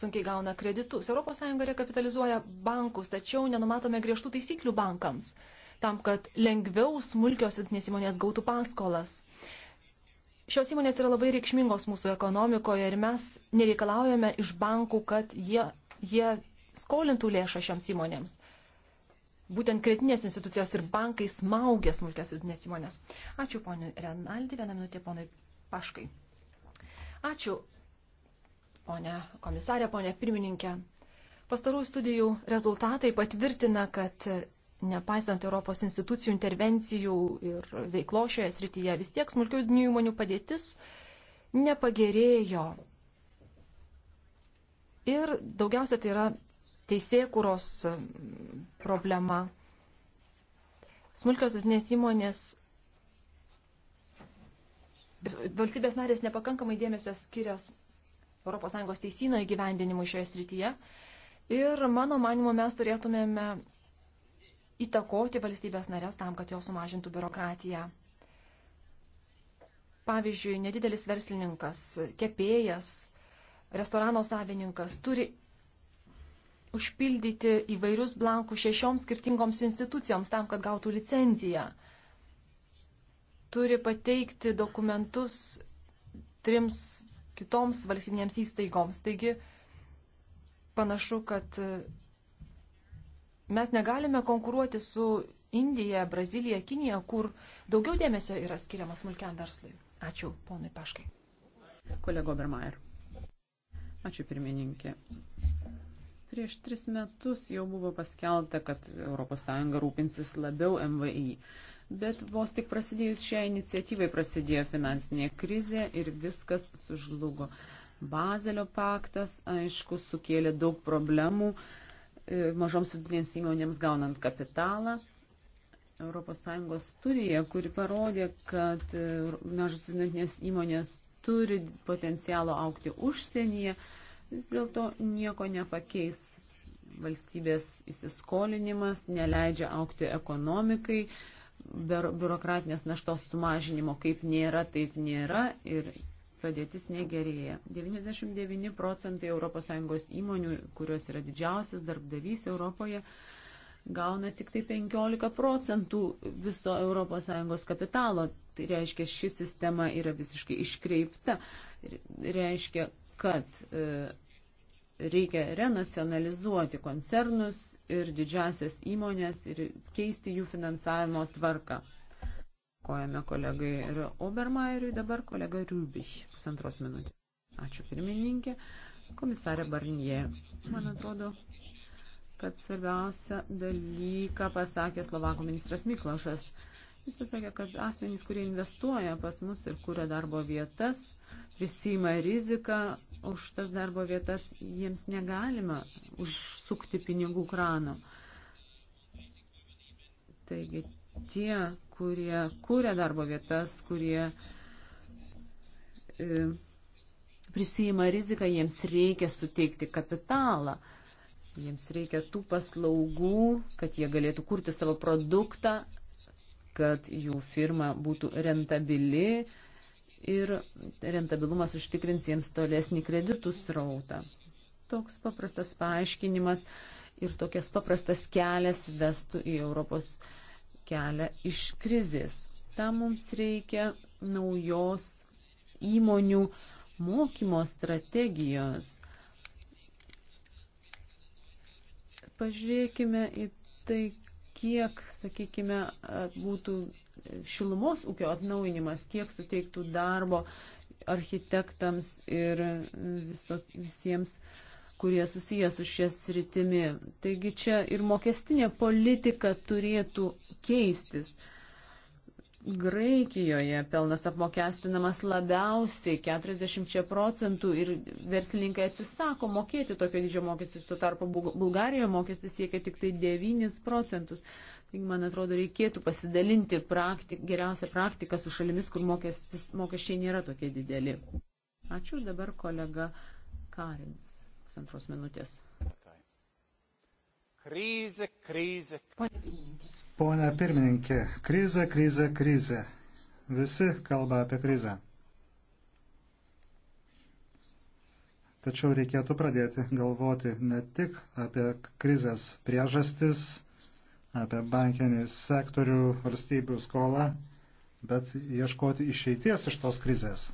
sunkiai gauna kreditus. ES rekapitalizuoja bankus, tačiau nenumatome griežtų taisyklių bankams, tam, kad lengviau smulkios vidutinės įmonės gautų paskolas. Šios įmonės yra labai reikšmingos mūsų ekonomikoje ir mes nereikalaujame iš bankų, kad jie, jie skolintų lėšą šioms įmonėms būtent kreditinės institucijos ir bankai smaugia smulkės vidutinės įmonės. Ačiū ponui Renaldi, vieną minutę ponui Paškai. Ačiū ponė komisarė, ponė pirmininkė. Pastarų studijų rezultatai patvirtina, kad nepaisant Europos institucijų intervencijų ir veiklo šioje srityje, vis tiek smulkių įmonių padėtis nepagerėjo. Ir daugiausia tai yra teisėkuros problema. Smulkios vidinės įmonės valstybės narės nepakankamai dėmesio skiria ES teisino įgyvendinimui šioje srityje. Ir mano manimo mes turėtumėme įtakoti valstybės narės tam, kad jos sumažintų biurokratiją. Pavyzdžiui, nedidelis verslininkas, kepėjas, restorano savininkas turi užpildyti įvairius blankus šešioms skirtingoms institucijoms tam, kad gautų licenciją. Turi pateikti dokumentus trims kitoms valstybinėms įstaigoms. Taigi panašu, kad e, mes negalime konkuruoti su Indija, Brazilija, Kinija, kur daugiau dėmesio yra skiriama smulkiam verslui. Ačiū, ponui Paškai. Kolego Bermajer. Ačiū pirmininkė. Prieš tris metus jau buvo paskelbta, kad ES rūpinsis labiau MVI. Bet vos tik prasidėjus šią iniciatyvai prasidėjo finansinė krizė ir viskas sužlugo. Bazelio paktas, aišku, sukėlė daug problemų e, mažoms vidutinėms įmonėms gaunant kapitalą. ES studija, kuri parodė, kad e, mažos vidutinės įmonės turi potencialo aukti užsienyje, uh, vis dėlto nieko nepakeis. Valstybės įsiskolinimas neleidžia aukti ekonomikai, biurokratinės naštos sumažinimo kaip nėra, taip nėra ir padėtis negerėja. 99 procentai ES įmonių, kurios yra didžiausias darbdavys Europoje, gauna tik tai 15 procentų viso ES kapitalo. Tai reiškia, ši sistema yra visiškai iškreipta. Reiškia, kad e, reikia renacionalizuoti koncernus ir didžiasias įmonės ir keisti jų finansavimo tvarką. Kojame kolegai ir Obermairiui, dabar kolega Rūbiš, pusantros minutės. Ačiū pirmininkė, komisarė Barnie. Man atrodo, kad svarbiausia dalyką pasakė Slovakų ministras Miklošas. Jis pasakė, kad asmenys, kurie investuoja pas mus ir kuria darbo vietas, prisima riziką, už tas darbo vietas jiems negalima užsukti pinigų krano. Taigi tie, kurie kūrė darbo vietas, kurie e, prisijima riziką, jiems reikia suteikti kapitalą, jiems reikia tų paslaugų, kad jie galėtų kurti savo produktą, kad jų firma būtų rentabili, ir rentabilumas užtikrins jiems tolesnį kreditų srautą. Toks paprastas paaiškinimas ir tokias paprastas kelias vestų į Europos kelią iš krizės. Tam mums reikia naujos įmonių mokymo strategijos. Pažiūrėkime į tai, kiek, sakykime, būtų šilumos ūkio atnaujinimas, kiek suteiktų darbo architektams ir viso, visiems kurie susiję su šia sritimi. Taigi čia ir mokestinė politika turėtų keistis. Uh, Graikijoje pelnas apmokestinamas labiausiai 40 procentų ir verslininkai atsisako mokėti tokio dydžio mokestį, tuo tarpu Bulgarijoje mokestis siekia tik tai 9 procentus. Taigi, man atrodo, reikėtų pasidalinti praktik, geriausią praktiką su šalimis, kur mokestis, mokesčiai nėra tokie dideli. Ačiū dabar kolega Karins, pusantros minutės. Kryze, kryze. Pane pirmininkė. Pone pirmininkė, krizė, krizė, krizė. Visi kalba apie krizę. Tačiau reikėtų pradėti galvoti ne tik apie krizės priežastis, apie bankinį sektorių, valstybių skolą, bet ieškoti išeities iš tos krizės.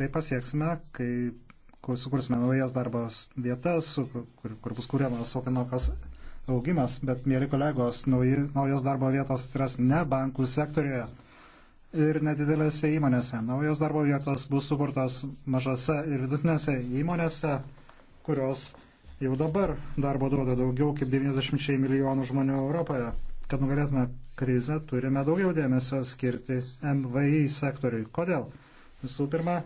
Tai pasieksime, kai sukursime naujas darbos vietas, kur, kur bus kuriamas ekonomikos augimas, bet, mėly kolegos, nauji, naujos darbo vietos atsiras ne bankų sektorijoje ir nedidelėse įmonėse. Naujos darbo vietos bus sukurtos mažose ir vidutinėse įmonėse, kurios jau dabar darbo duoda daugiau kaip 90 milijonų žmonių Europoje. Kad nugalėtume krizę, turime daugiau dėmesio skirti MVI sektoriui. Kodėl? Visų pirma,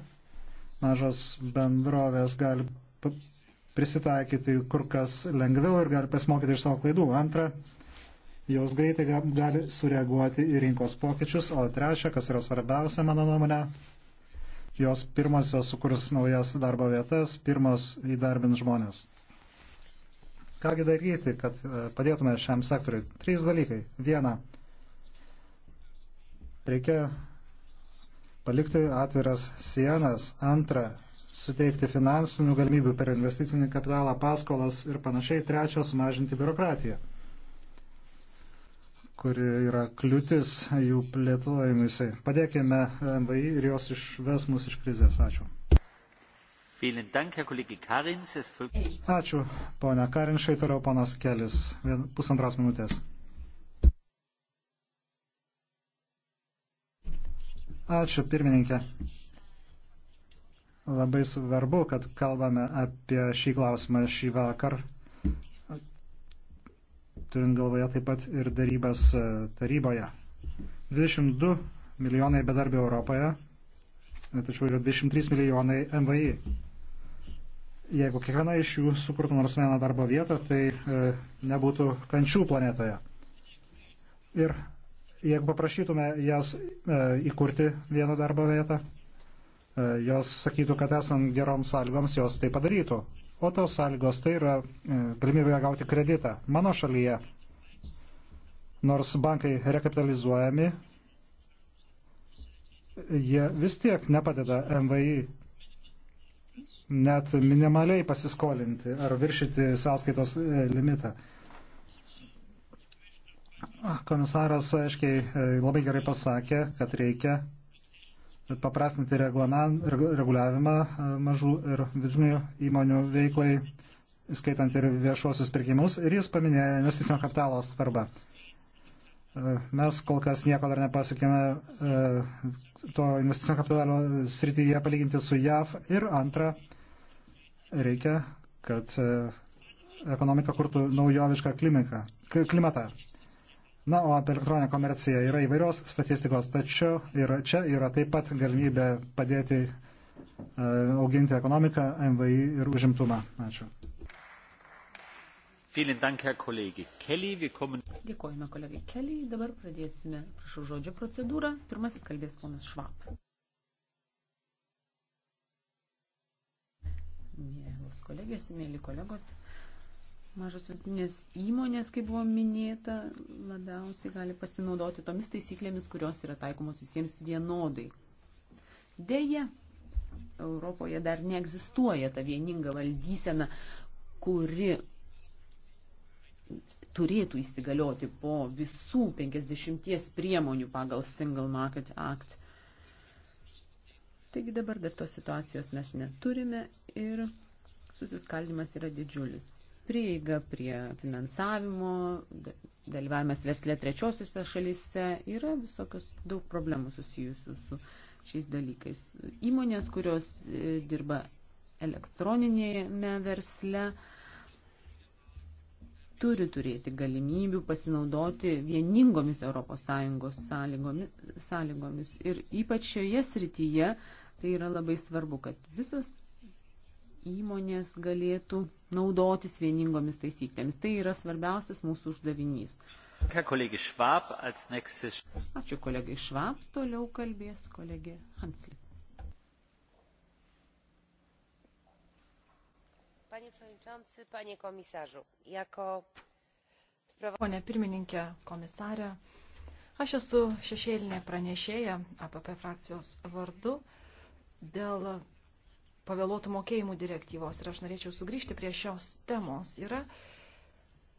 mažos bendrovės gali prisitaikyti kur kas lengviau ir gali pasimokyti iš savo klaidų. Antra, jos greitai gali sureaguoti į rinkos pokyčius. O trečia, kas yra svarbiausia mano nuomonė, jos pirmosios sukurs naujas darbo vietas, pirmos įdarbins žmonės. Kągi daryti, kad e, padėtume šiam sektoriui? Trys dalykai. Viena, reikia palikti atviras sienas. Antra, suteikti finansinių galimybių per investicinį kapitalą, paskolas ir panašiai. Trečia, sumažinti biurokratiją, kuri yra kliūtis jų plėtojimuisi. Padėkime MVI ir jos išves mus iš krizės. Ačiū. Ačiū, ponia Karinšai, toliau ponas Kelis, vien, pusantros minutės. Ačiū, pirmininkė. Labai svarbu, kad kalbame apie šį klausimą šį vakar, turint galvoje taip pat ir darybas e, taryboje. 22 milijonai bedarbių Europoje, e, tačiau yra 23 milijonai MVI. Jeigu kiekviena iš jų sukurtų nors vieną darbo vietą, tai e, nebūtų kančių planetoje. Ir jeigu paprašytume jas e, įkurti vieną darbo vietą, E, jos sakytų, kad esant geroms sąlygoms jos tai padarytų. O tos sąlygos tai yra e, galimybė gauti kreditą. Mano šalyje, nors bankai rekapitalizuojami, jie vis tiek nepadeda MVI net minimaliai pasiskolinti ar viršyti sąskaitos e, limitą. Komisaras, aiškiai, labai gerai pasakė, kad reikia paprastinti reguliavimą e, mažų ir vidutinių įmonių veiklai, skaitant ir viešuosius pirkimus, ir jis paminėjo investicinio kapitalo svarbą. E, mes kol kas nieko dar nepasiekėme e, to investicinio kapitalo srityje palyginti su JAV. Ir antra, reikia, kad ekonomika kurtų naujovišką klimiką, klimatą. Na, o apie elektroninę komerciją yra įvairios statistikos, tačiau yra, čia yra taip pat galimybė padėti e, auginti ekonomiką, MVI ir užimtumą. Ačiū. Dėkojame kolegai Kelly. Dabar pradėsime, prašau, žodžio procedūrą. Pirmasis kalbės ponas Švab. Mėlos kolegės, mėly kolegos, mažos vidutinės įmonės, kaip buvo minėta, labiausiai gali pasinaudoti tomis taisyklėmis, kurios yra taikomos visiems vienodai. Deja, Europoje dar neegzistuoja ta vieninga valdysena, kuri turėtų įsigalioti po visų 50 priemonių pagal Single Market Act. Taigi dabar dar tos situacijos mes neturime ir susiskaldimas yra didžiulis prieiga prie finansavimo, dalyvavimas verslė trečiosiuose šalyse, yra visokios daug problemų susijusių su šiais dalykais. Įmonės, kurios e, dirba elektroninėme versle, turi turėti galimybių pasinaudoti vieningomis ES sąlygomis, sąlygomis. Ir ypač šioje srityje tai yra labai svarbu, kad visos įmonės galėtų naudotis vieningomis taisyklėmis. Tai yra svarbiausias mūsų uždavinys. Ačiū kolegai Švab, toliau kalbės kolegė Hanslik. Panie przewodniczący, panie komisarzu, jako Pone pirmininkė, komisarė, aš esu šešėlinė pranešėja APP frakcijos vardu dėl pavėluotų mokėjimų direktyvos. Ir aš norėčiau sugrįžti prie šios temos. Yra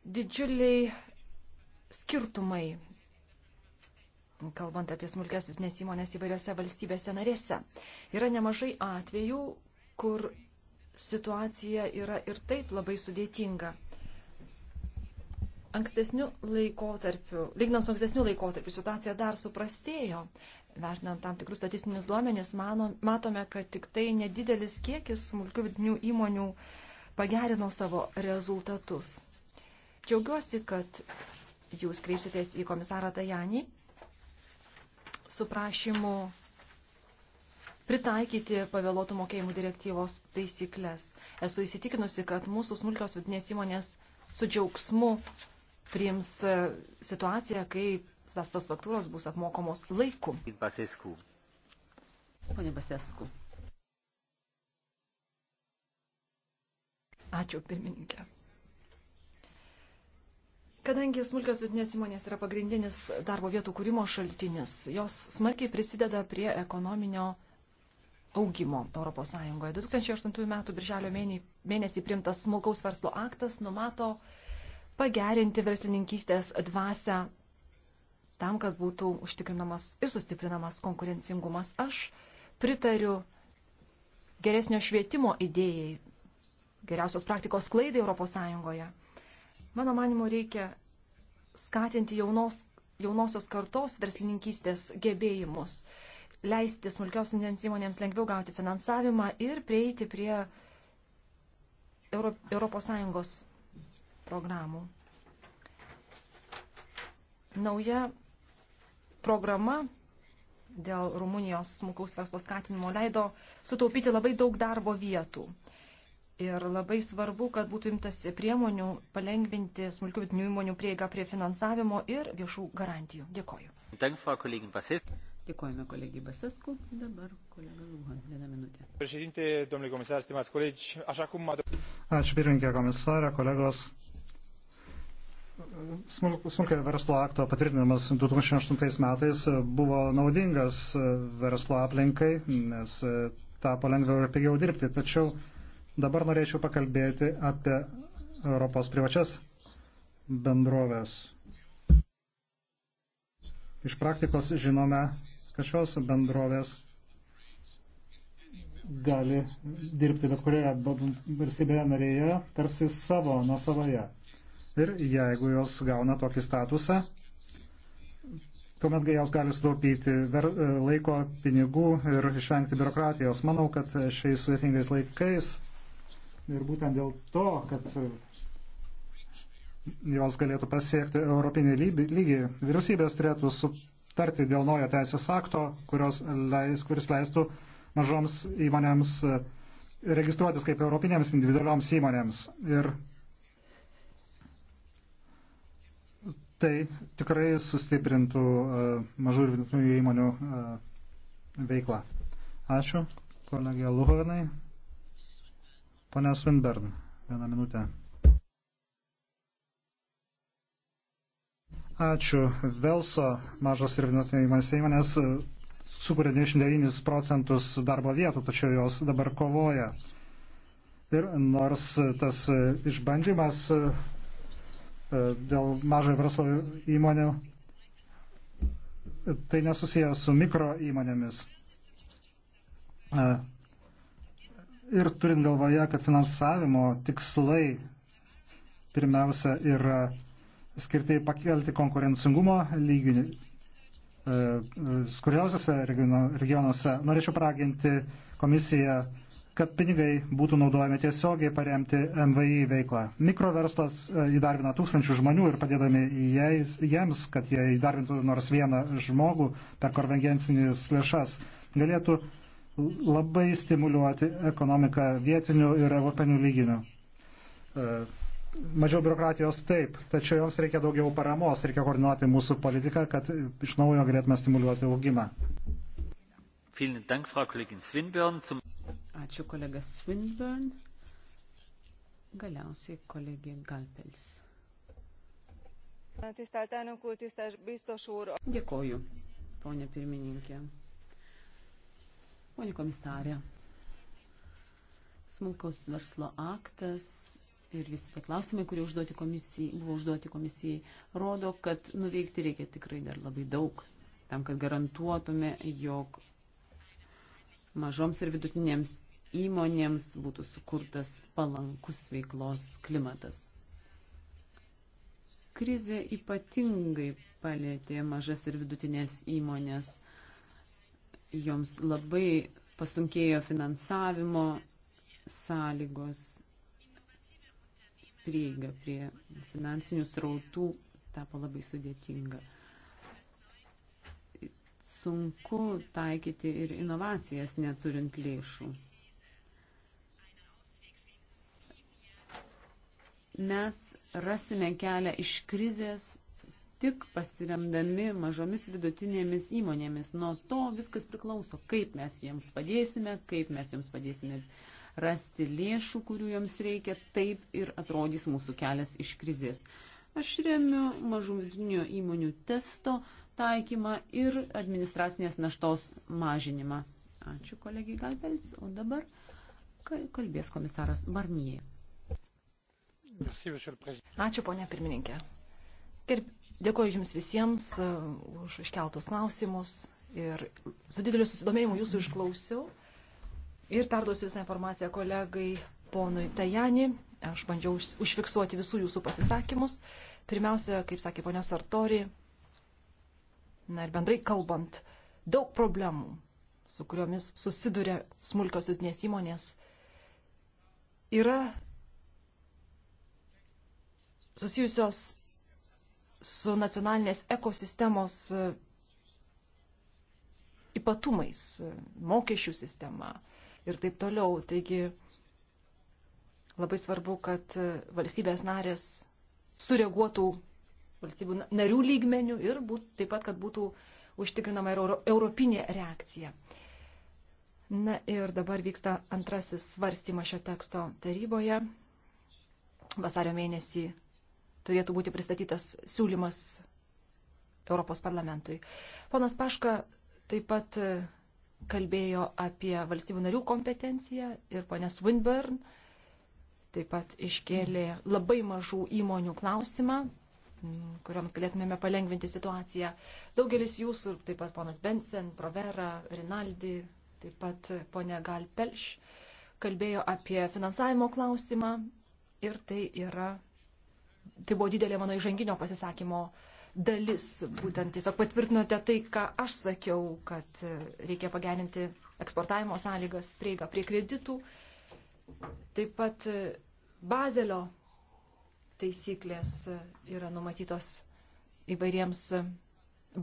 didžiuliai skirtumai, kalbant apie smulkės vidinės įmonės įvairiose valstybėse narėse. Yra nemažai atvejų, kur situacija yra ir taip labai sudėtinga ankstesniu laikotarpiu, lygnant su ankstesniu laikotarpiu, situacija dar suprastėjo. Vertinant tam tikrus statistinius duomenys, mano, matome, kad tik tai nedidelis kiekis smulkių vidinių įmonių pagerino savo rezultatus. Džiaugiuosi, kad jūs kreipsitės į komisarą Tajanį su prašymu pritaikyti pavėlotų mokėjimų direktyvos taisyklės. Esu įsitikinusi, kad mūsų smulkios vidinės įmonės su džiaugsmu priims e, situaciją, kai sąstos faktūros bus apmokamos laiku. Basescu. Pone Basescu. Ačiū, pirmininkė. Kadangi smulkios vidinės įmonės yra pagrindinis darbo vietų kūrimo šaltinis, jos smarkiai prisideda prie ekonominio augimo ES. 2008 m. birželio mėnesį primtas smulkaus verslo aktas numato pagerinti verslininkystės dvasę tam, kad būtų užtikrinamas ir sustiprinamas konkurencingumas. Aš pritariu geresnio švietimo idėjai, geriausios praktikos klaidai ES. Mano manimo, reikia skatinti jaunos, jaunosios kartos verslininkystės gebėjimus, leisti smulkiausiams įmonėms lengviau gauti finansavimą ir prieiti prie ES programų. Nauja programa dėl Rumunijos smulkaus verslo skatinimo leido sutaupyti labai daug darbo vietų. Ir labai svarbu, kad būtų imtasi priemonių palengvinti smulkių vidinių įmonių prieigą prie finansavimo ir viešų garantijų. Dėkoju. Dėkojame kolegijai Basescu. Dabar kolega Luhan, vieną minutę. Ačiū pirmininkė komisarė, kolegos smulkiojo verslo akto patvirtinimas 2008 metais buvo naudingas e, verslo aplinkai, nes e, tapo lengviau ir pigiau dirbti. Tačiau dabar norėčiau pakalbėti apie Europos privačias bendrovės. Iš praktikos žinome, kad šios bendrovės gali dirbti bet kurioje valstybėje narėje, tarsi savo, nuo savoje. Ir jeigu jos gauna tokį statusą, tuomet jos gali sutaupyti e, laiko, pinigų ir išvengti biurokratijos. Manau, kad šiais sudėtingais laikais ir būtent dėl to, kad jos galėtų pasiekti europinį lygį, vyriausybės turėtų sutarti dėl naujo teisės akto, leis, kuris leistų mažoms įmonėms e, registruotis kaip europinėms individualioms įmonėms. Ir Tai tikrai sustiprintų e, mažų ir vidutinių įmonių e, veiklą. Ačiū, kolegė Luhovinai. Pone Svinbern, vieną minutę. Ačiū. Velso mažos ir vidutinės įmonės e, sukuria 99 procentus darbo vietų, tačiau jos dabar kovoja. Ir nors tas išbandymas E, dėl mažojo verslo įmonių, tai nesusijęs su mikro įmonėmis. E, ir turint galvoje, kad finansavimo tikslai pirmiausia yra skirtai pakelti konkurencingumo lyginį e, skuriausiose regionuose, norėčiau praginti komisiją kad pinigai būtų naudojami tiesiogiai paremti MVI veiklą. Mikroverslas e, įdarbina tūkstančių žmonių ir padėdami jiems, kad jie įdarbintų nors vieną žmogų per konvencinės lėšas, galėtų labai stimuliuoti ekonomiką vietinių ir europinių lyginių. E, mažiau biurokratijos taip, tačiau joms reikia daugiau paramos, reikia koordinuoti mūsų politiką, kad iš naujo galėtume stimuliuoti augimą. Vielen Dank, Frau Kollegin Swinburne. Zum Ačiū kolega Swinburne. Galiausiai kolegė Galpels. Dėkoju, ponė pirmininkė. Pone komisarė, smulkaus verslo aktas ir visi tie klausimai, kurie užduoti komisijai, buvo užduoti komisijai, rodo, kad nuveikti reikia tikrai dar labai daug, tam, kad garantuotume, jog mažoms ir vidutinėms įmonėms būtų sukurtas palankus veiklos klimatas. Krizė ypatingai palėtė mažas ir vidutinės įmonės. Joms labai pasunkėjo finansavimo sąlygos, prieiga prie finansinių srautų tapo labai sudėtinga sunku taikyti ir inovacijas neturint lėšų. mes rasime kelią iš krizės tik pasiremdami mažomis vidutinėmis įmonėmis. Nuo to viskas priklauso, kaip mes jiems padėsime, kaip mes jiems padėsime rasti lėšų, kurių joms reikia, taip ir atrodys mūsų kelias iš krizės. Aš remiu mažų vidutinių įmonių testo taikymą ir administracinės naštos mažinimą. Ačiū kolegijai Galbels, o dabar kalbės komisaras Barnie. Ačiū, ponė pirmininkė. Gerb... Dėkuoju Jums visiems uh, už iškeltus klausimus ir su dideliu susidomėjimu Jūsų išklausiau ir perduosiu visą informaciją kolegai ponui Tajani. Aš bandžiau užfiksuoti visų Jūsų pasisakymus. Pirmiausia, kaip sakė ponia Sartori, na ir bendrai kalbant, daug problemų, su kuriomis susiduria smulkios vidinės įmonės, yra susijusios su nacionalinės ekosistemos e, ypatumais, e, mokesčių sistema ir taip toliau. Taigi labai svarbu, kad e, valstybės narės sureaguotų valstybių narių lygmenių ir būt, taip pat, kad būtų užtikrinama ir euro, europinė reakcija. Na ir dabar vyksta antrasis svarstymas šio teksto taryboje. Vasario mėnesį turėtų būti pristatytas siūlymas Europos parlamentui. Ponas Paška taip pat e, kalbėjo apie valstybių narių kompetenciją ir ponės Winburn taip pat iškėlė labai mažų įmonių klausimą, kuriuoms galėtumėme palengvinti situaciją. Daugelis jūsų, taip pat ponas Bensen, Provera, Rinaldi, taip pat ponė Galpelš, kalbėjo apie finansavimo klausimą ir tai yra tai buvo didelė mano įžanginio pasisakymo dalis. Būtent tiesiog patvirtinote tai, ką aš sakiau, kad reikia pagerinti eksportavimo sąlygas, prieigą prie kreditų. Taip pat bazelio taisyklės yra numatytos įvairiems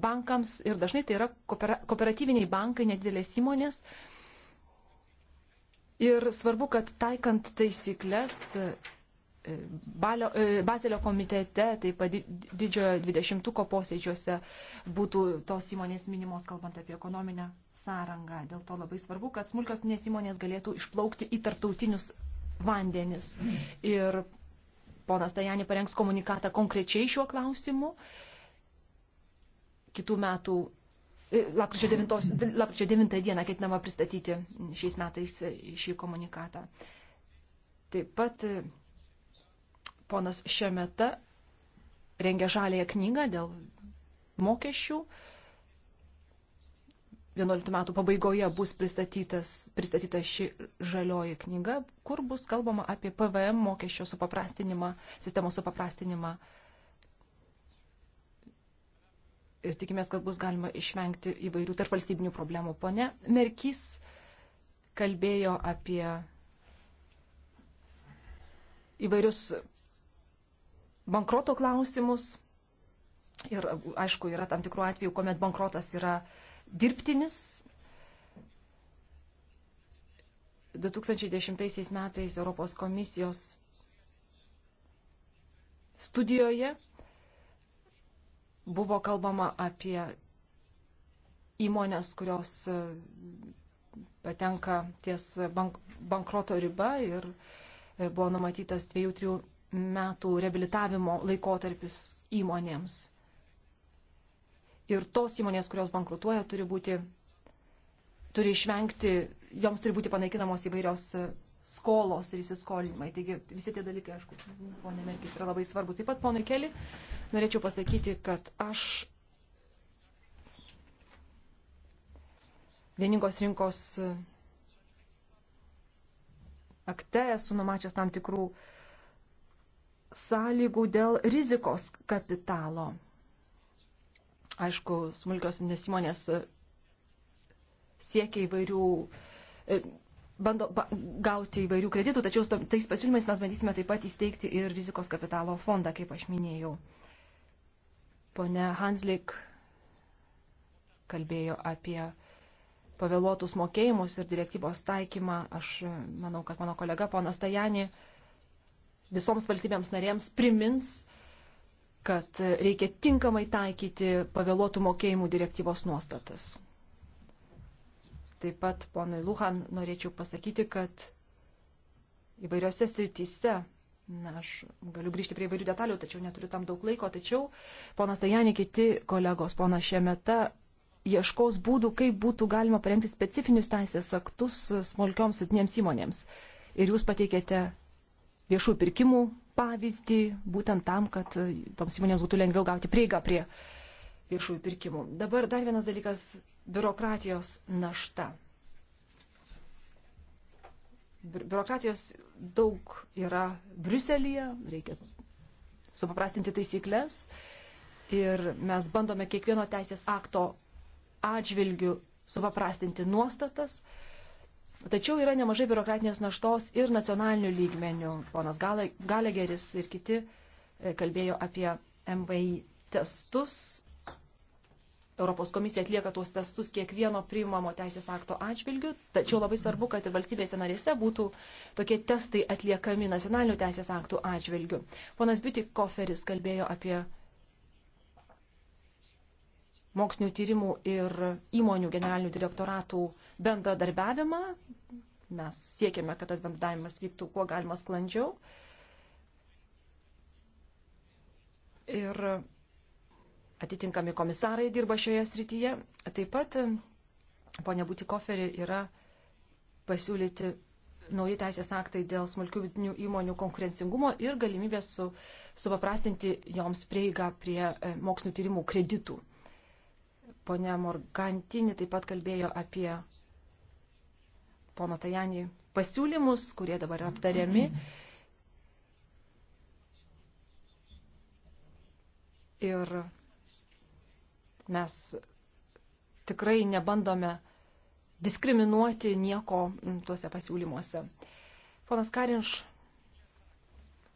bankams ir dažnai tai yra kooperatyviniai bankai, nedidelės įmonės. Ir svarbu, kad taikant taisyklės Balio, e, Bazelio komitete, taip pat didžiojo dvidešimtuko posėdžiuose būtų tos įmonės minimos, kalbant apie ekonominę sąrangą. Dėl to labai svarbu, kad smulkios įmonės galėtų išplaukti į tarptautinius vandenis. Ir ponas Tajani parengs komunikatą konkrečiai šiuo klausimu. Kitų metų, e, lapkričio 9, lapkričio 9 dieną ketinama pristatyti šiais metais šį komunikatą. Taip pat e, ponas Šemeta rengia žalėją knygą dėl mokesčių. 11 metų pabaigoje bus pristatyta ši žalioji knyga, kur bus kalbama apie PVM mokesčio supaprastinimą, sistemos supaprastinimą. Ir tikimės, kad bus galima išvengti įvairių tarp valstybinių problemų. Pone Merkys kalbėjo apie įvairius bankroto klausimus. Ir aišku, yra tam tikrų atvejų, kuomet bankrotas yra dirbtinis. 2010 metais Europos komisijos studijoje buvo kalbama apie įmonės, kurios e, patenka ties bank, bankroto riba ir e, buvo numatytas 2-3 metų reabilitavimo laikotarpis įmonėms. Ir tos įmonės, kurios bankrutuoja, turi, būti, turi išvengti, joms turi būti panaikinamos įvairios e, skolos ir įsiskolinimai. Taigi visi tie dalykai, aišku, ponė Merkis yra labai svarbus. Taip pat, ponui Keli, norėčiau pasakyti, kad aš vieningos rinkos e, akte esu numačęs tam tikrų uh, sąlygų dėl rizikos kapitalo. Aišku, smulkios įmonės e, siekia įvairių e, bando ba, gauti įvairių kreditų, tačiau tais pasiūlymais mes bandysime taip pat įsteigti ir rizikos kapitalo fondą, kaip aš minėjau. Pone Hanslik kalbėjo apie pavėluotus mokėjimus ir direktyvos taikymą. Aš e, manau, kad mano kolega ponas Tajani visoms valstybėms narėms primins, kad reikia tinkamai taikyti pavėluotų mokėjimų direktyvos nuostatas. Taip pat ponui Luhan norėčiau pasakyti, kad įvairiose srityse, na, aš galiu grįžti prie įvairių detalių, tačiau neturiu tam daug laiko, tačiau ponas Tajani, kiti kolegos, ponas Šemeta ieškos būdų, kaip būtų galima parengti specifinius teisės aktus smulkioms sitinėms įmonėms. Ir jūs pateikėte viešų pirkimų pavyzdį, būtent tam, kad e, toms įmonėms būtų lengviau gauti prieigą prie viešųjų pirkimų. Dabar dar vienas dalykas - biurokratijos našta. Biurokratijos daug yra Briuselėje, reikia supaprastinti taisyklės ir mes bandome kiekvieno teisės akto atžvilgių supaprastinti nuostatas, Tačiau yra nemažai biurokratinės naštos ir nacionalinių lygmenių. Ponas Galegeris ir kiti e, kalbėjo apie MVI testus. Europos komisija atlieka tuos testus kiekvieno priimamo teisės akto atžvilgių, tačiau labai svarbu, kad ir valstybėse narėse būtų tokie testai atliekami nacionalinių teisės aktų atžvilgių. Ponas Biutikoferis kalbėjo apie mokslinių tyrimų ir įmonių generalinių direktoratų bendradarbiavimą. Mes siekiame, kad tas bendradarbiavimas vyktų kuo galima sklandžiau. Ir atitinkami komisarai dirba šioje srityje. Taip pat ponia Butikoferi yra pasiūlyti nauji teisės aktai dėl smulkių vidinių įmonių konkurencingumo ir galimybės su, supaprastinti joms prieigą prie e, mokslinių tyrimų kreditų. Pone Morgantini taip pat kalbėjo apie pono Tajanį pasiūlymus, kurie dabar yra aptariami. Ir mes tikrai nebandome diskriminuoti nieko tuose pasiūlymuose. Ponas Karinš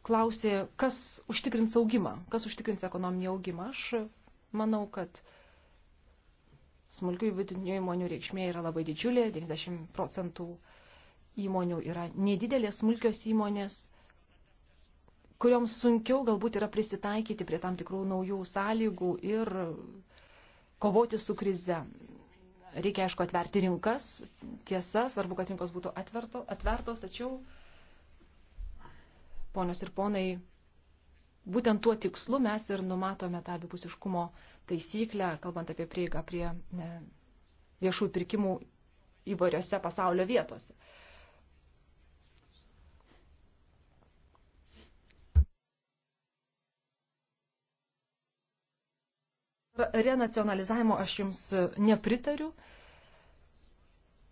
klausė, kas užtikrins augimą, kas užtikrins ekonominį augimą. Aš manau, kad smulkių vidutinių įmonių reikšmė yra labai didžiulė, 90 procentų įmonių yra nedidelės smulkios įmonės, kurioms sunkiau galbūt yra prisitaikyti prie tam tikrų naujų sąlygų ir kovoti su krize. Reikia, aišku, atverti rinkas, tiesa, svarbu, kad rinkos būtų atverto, atvertos, tačiau, ponios ir ponai, būtent tuo tikslu mes ir numatome tą abipusiškumo uh, taisyklę, kalbant apie prieigą prie viešųjų pirkimų įvairiose pasaulio vietose. Renacionalizavimo aš jums nepritariu.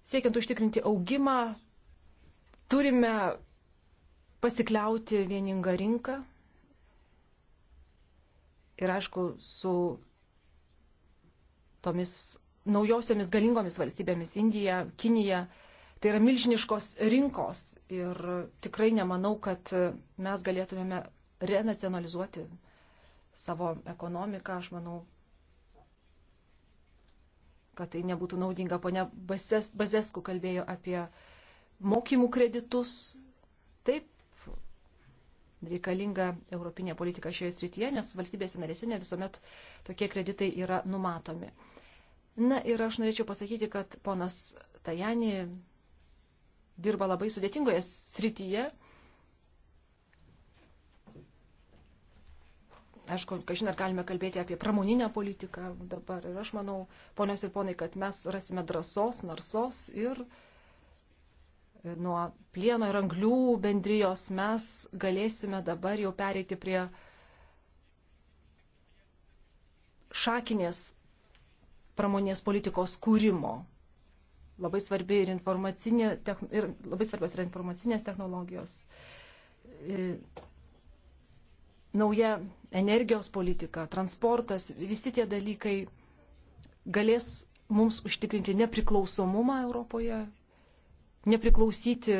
Siekiant užtikrinti augimą, turime pasikliauti vieningą rinką. Ir aišku, su tomis naujosiomis galingomis valstybėmis - Indija, Kinija. Tai yra milžiniškos rinkos ir tikrai nemanau, kad mes galėtumėme renacionalizuoti savo ekonomiką. Aš manau, kad tai nebūtų naudinga. Pone Bazes, Bazesku kalbėjo apie mokymų kreditus. Taip, reikalinga europinė politika šioje srityje, nes valstybėse narėse ne visuomet tokie kreditai yra numatomi. Na ir aš norėčiau pasakyti, kad ponas Tajani dirba labai sudėtingoje srityje. Aišku, kažin ar galime kalbėti apie pramoninę politiką dabar. Ir aš manau, ponios ir ponai, kad mes rasime drąsos, narsos ir e, nuo plieno ir anglių bendrijos mes galėsime dabar jau pereiti prie šakinės pramonės politikos kūrimo. Labai, svarbi ir informacinė, ir labai svarbios yra informacinės technologijos, e, nauja energijos politika, transportas, visi tie dalykai galės mums užtikrinti nepriklausomumą Europoje, nepriklausyti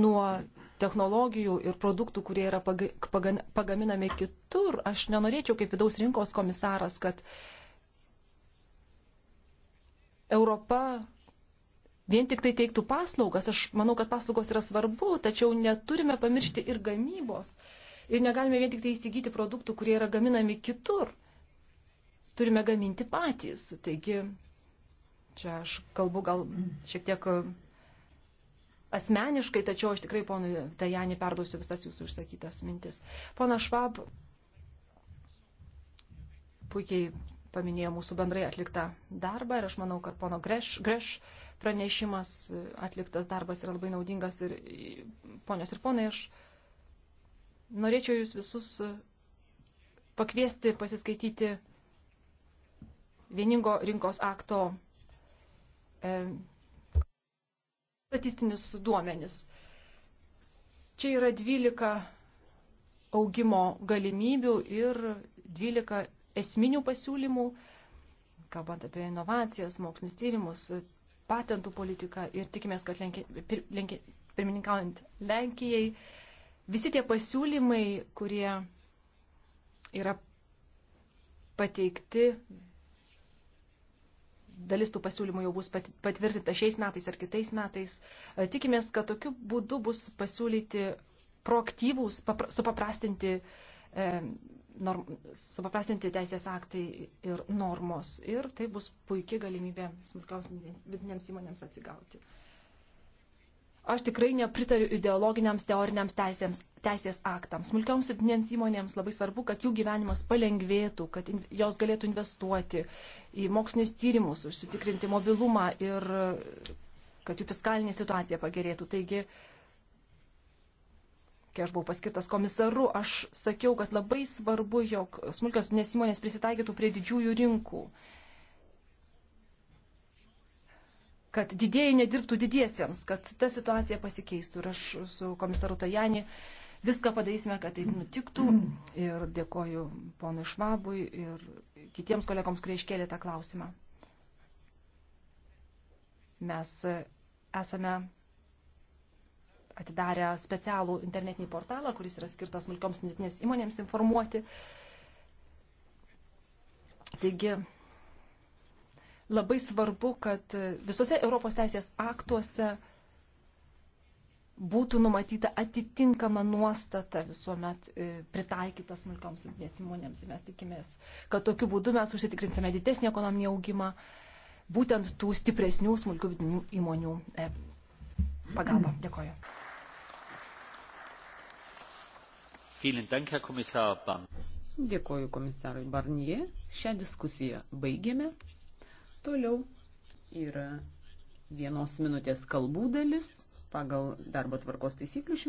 nuo technologijų ir produktų, kurie yra pagaminami kitur. Aš nenorėčiau kaip vidaus rinkos komisaras, kad Europa vien tik tai teiktų paslaugas. Aš manau, kad paslaugos yra svarbu, tačiau neturime pamiršti ir gamybos. Ir negalime vien tik tai įsigyti produktų, kurie yra gaminami kitur. Turime gaminti patys. Taigi, čia aš kalbu gal šiek tiek e, asmeniškai, tačiau aš tikrai ponui Tajani perduosiu visas jūsų išsakytas mintis. Pana Švab puikiai paminėjo mūsų bendrai atliktą darbą ir aš manau, kad pono Greš, Greš pranešimas, e, atliktas darbas yra labai naudingas ir e, ponios ir ponai, aš norėčiau jūs visus e, pakviesti pasiskaityti vieningo rinkos akto e, statistinius duomenis. Čia yra 12 augimo galimybių ir 12 esminių pasiūlymų, kalbant apie inovacijas, mokslinius tyrimus, patentų politiką ir tikimės, kad lenki, pir, lenki, pirmininkaujant Lenkijai, visi tie pasiūlymai, kurie yra pateikti, dalis tų pasiūlymų jau bus pat, patvirtinta šiais metais ar kitais metais, e, tikimės, kad tokiu būdu bus pasiūlyti proaktyvūs, papra, supaprastinti e, norm, supaprastinti teisės aktai ir normos. Ir tai bus puikia galimybė smulkioms vidinėms įmonėms atsigauti. Aš tikrai nepritariu ideologiniams teoriniams teisėms, teisės aktams. Smulkioms vidinėms įmonėms labai svarbu, kad jų gyvenimas palengvėtų, kad in, jos galėtų investuoti į mokslinius tyrimus, užsitikrinti mobilumą ir kad jų fiskalinė situacija pagerėtų. Taigi, uh, kai aš buvau paskirtas komisaru, aš sakiau, kad labai svarbu, jog smulkios įmonės prisitaikytų prie didžiųjų rinkų, kad didėjai nedirbtų didiesiems, kad ta situacija pasikeistų. Ir aš su komisaru Tajani viską padarysime, kad tai nutiktų. Ir dėkoju ponui Švabui ir kitiems kolegoms, kurie iškėlė tą klausimą. Mes esame atidarę specialų internetinį portalą, kuris yra skirtas smulkioms netinės įmonėms informuoti. Taigi, labai svarbu, kad visose Europos teisės aktuose būtų numatyta atitinkama nuostata visuomet e, pritaikyta smulkioms įmonėms. Ir mes tikimės, kad tokiu būdu mes užsitikrinsime didesnį ekonominį augimą būtent tų stipresnių smulkių įmonių e, pagalbą. Dėkoju. Dėkoju komisarui Barnie. Šią diskusiją baigėme. Toliau yra vienos minutės kalbų dalis pagal darbo tvarkos taisyklių.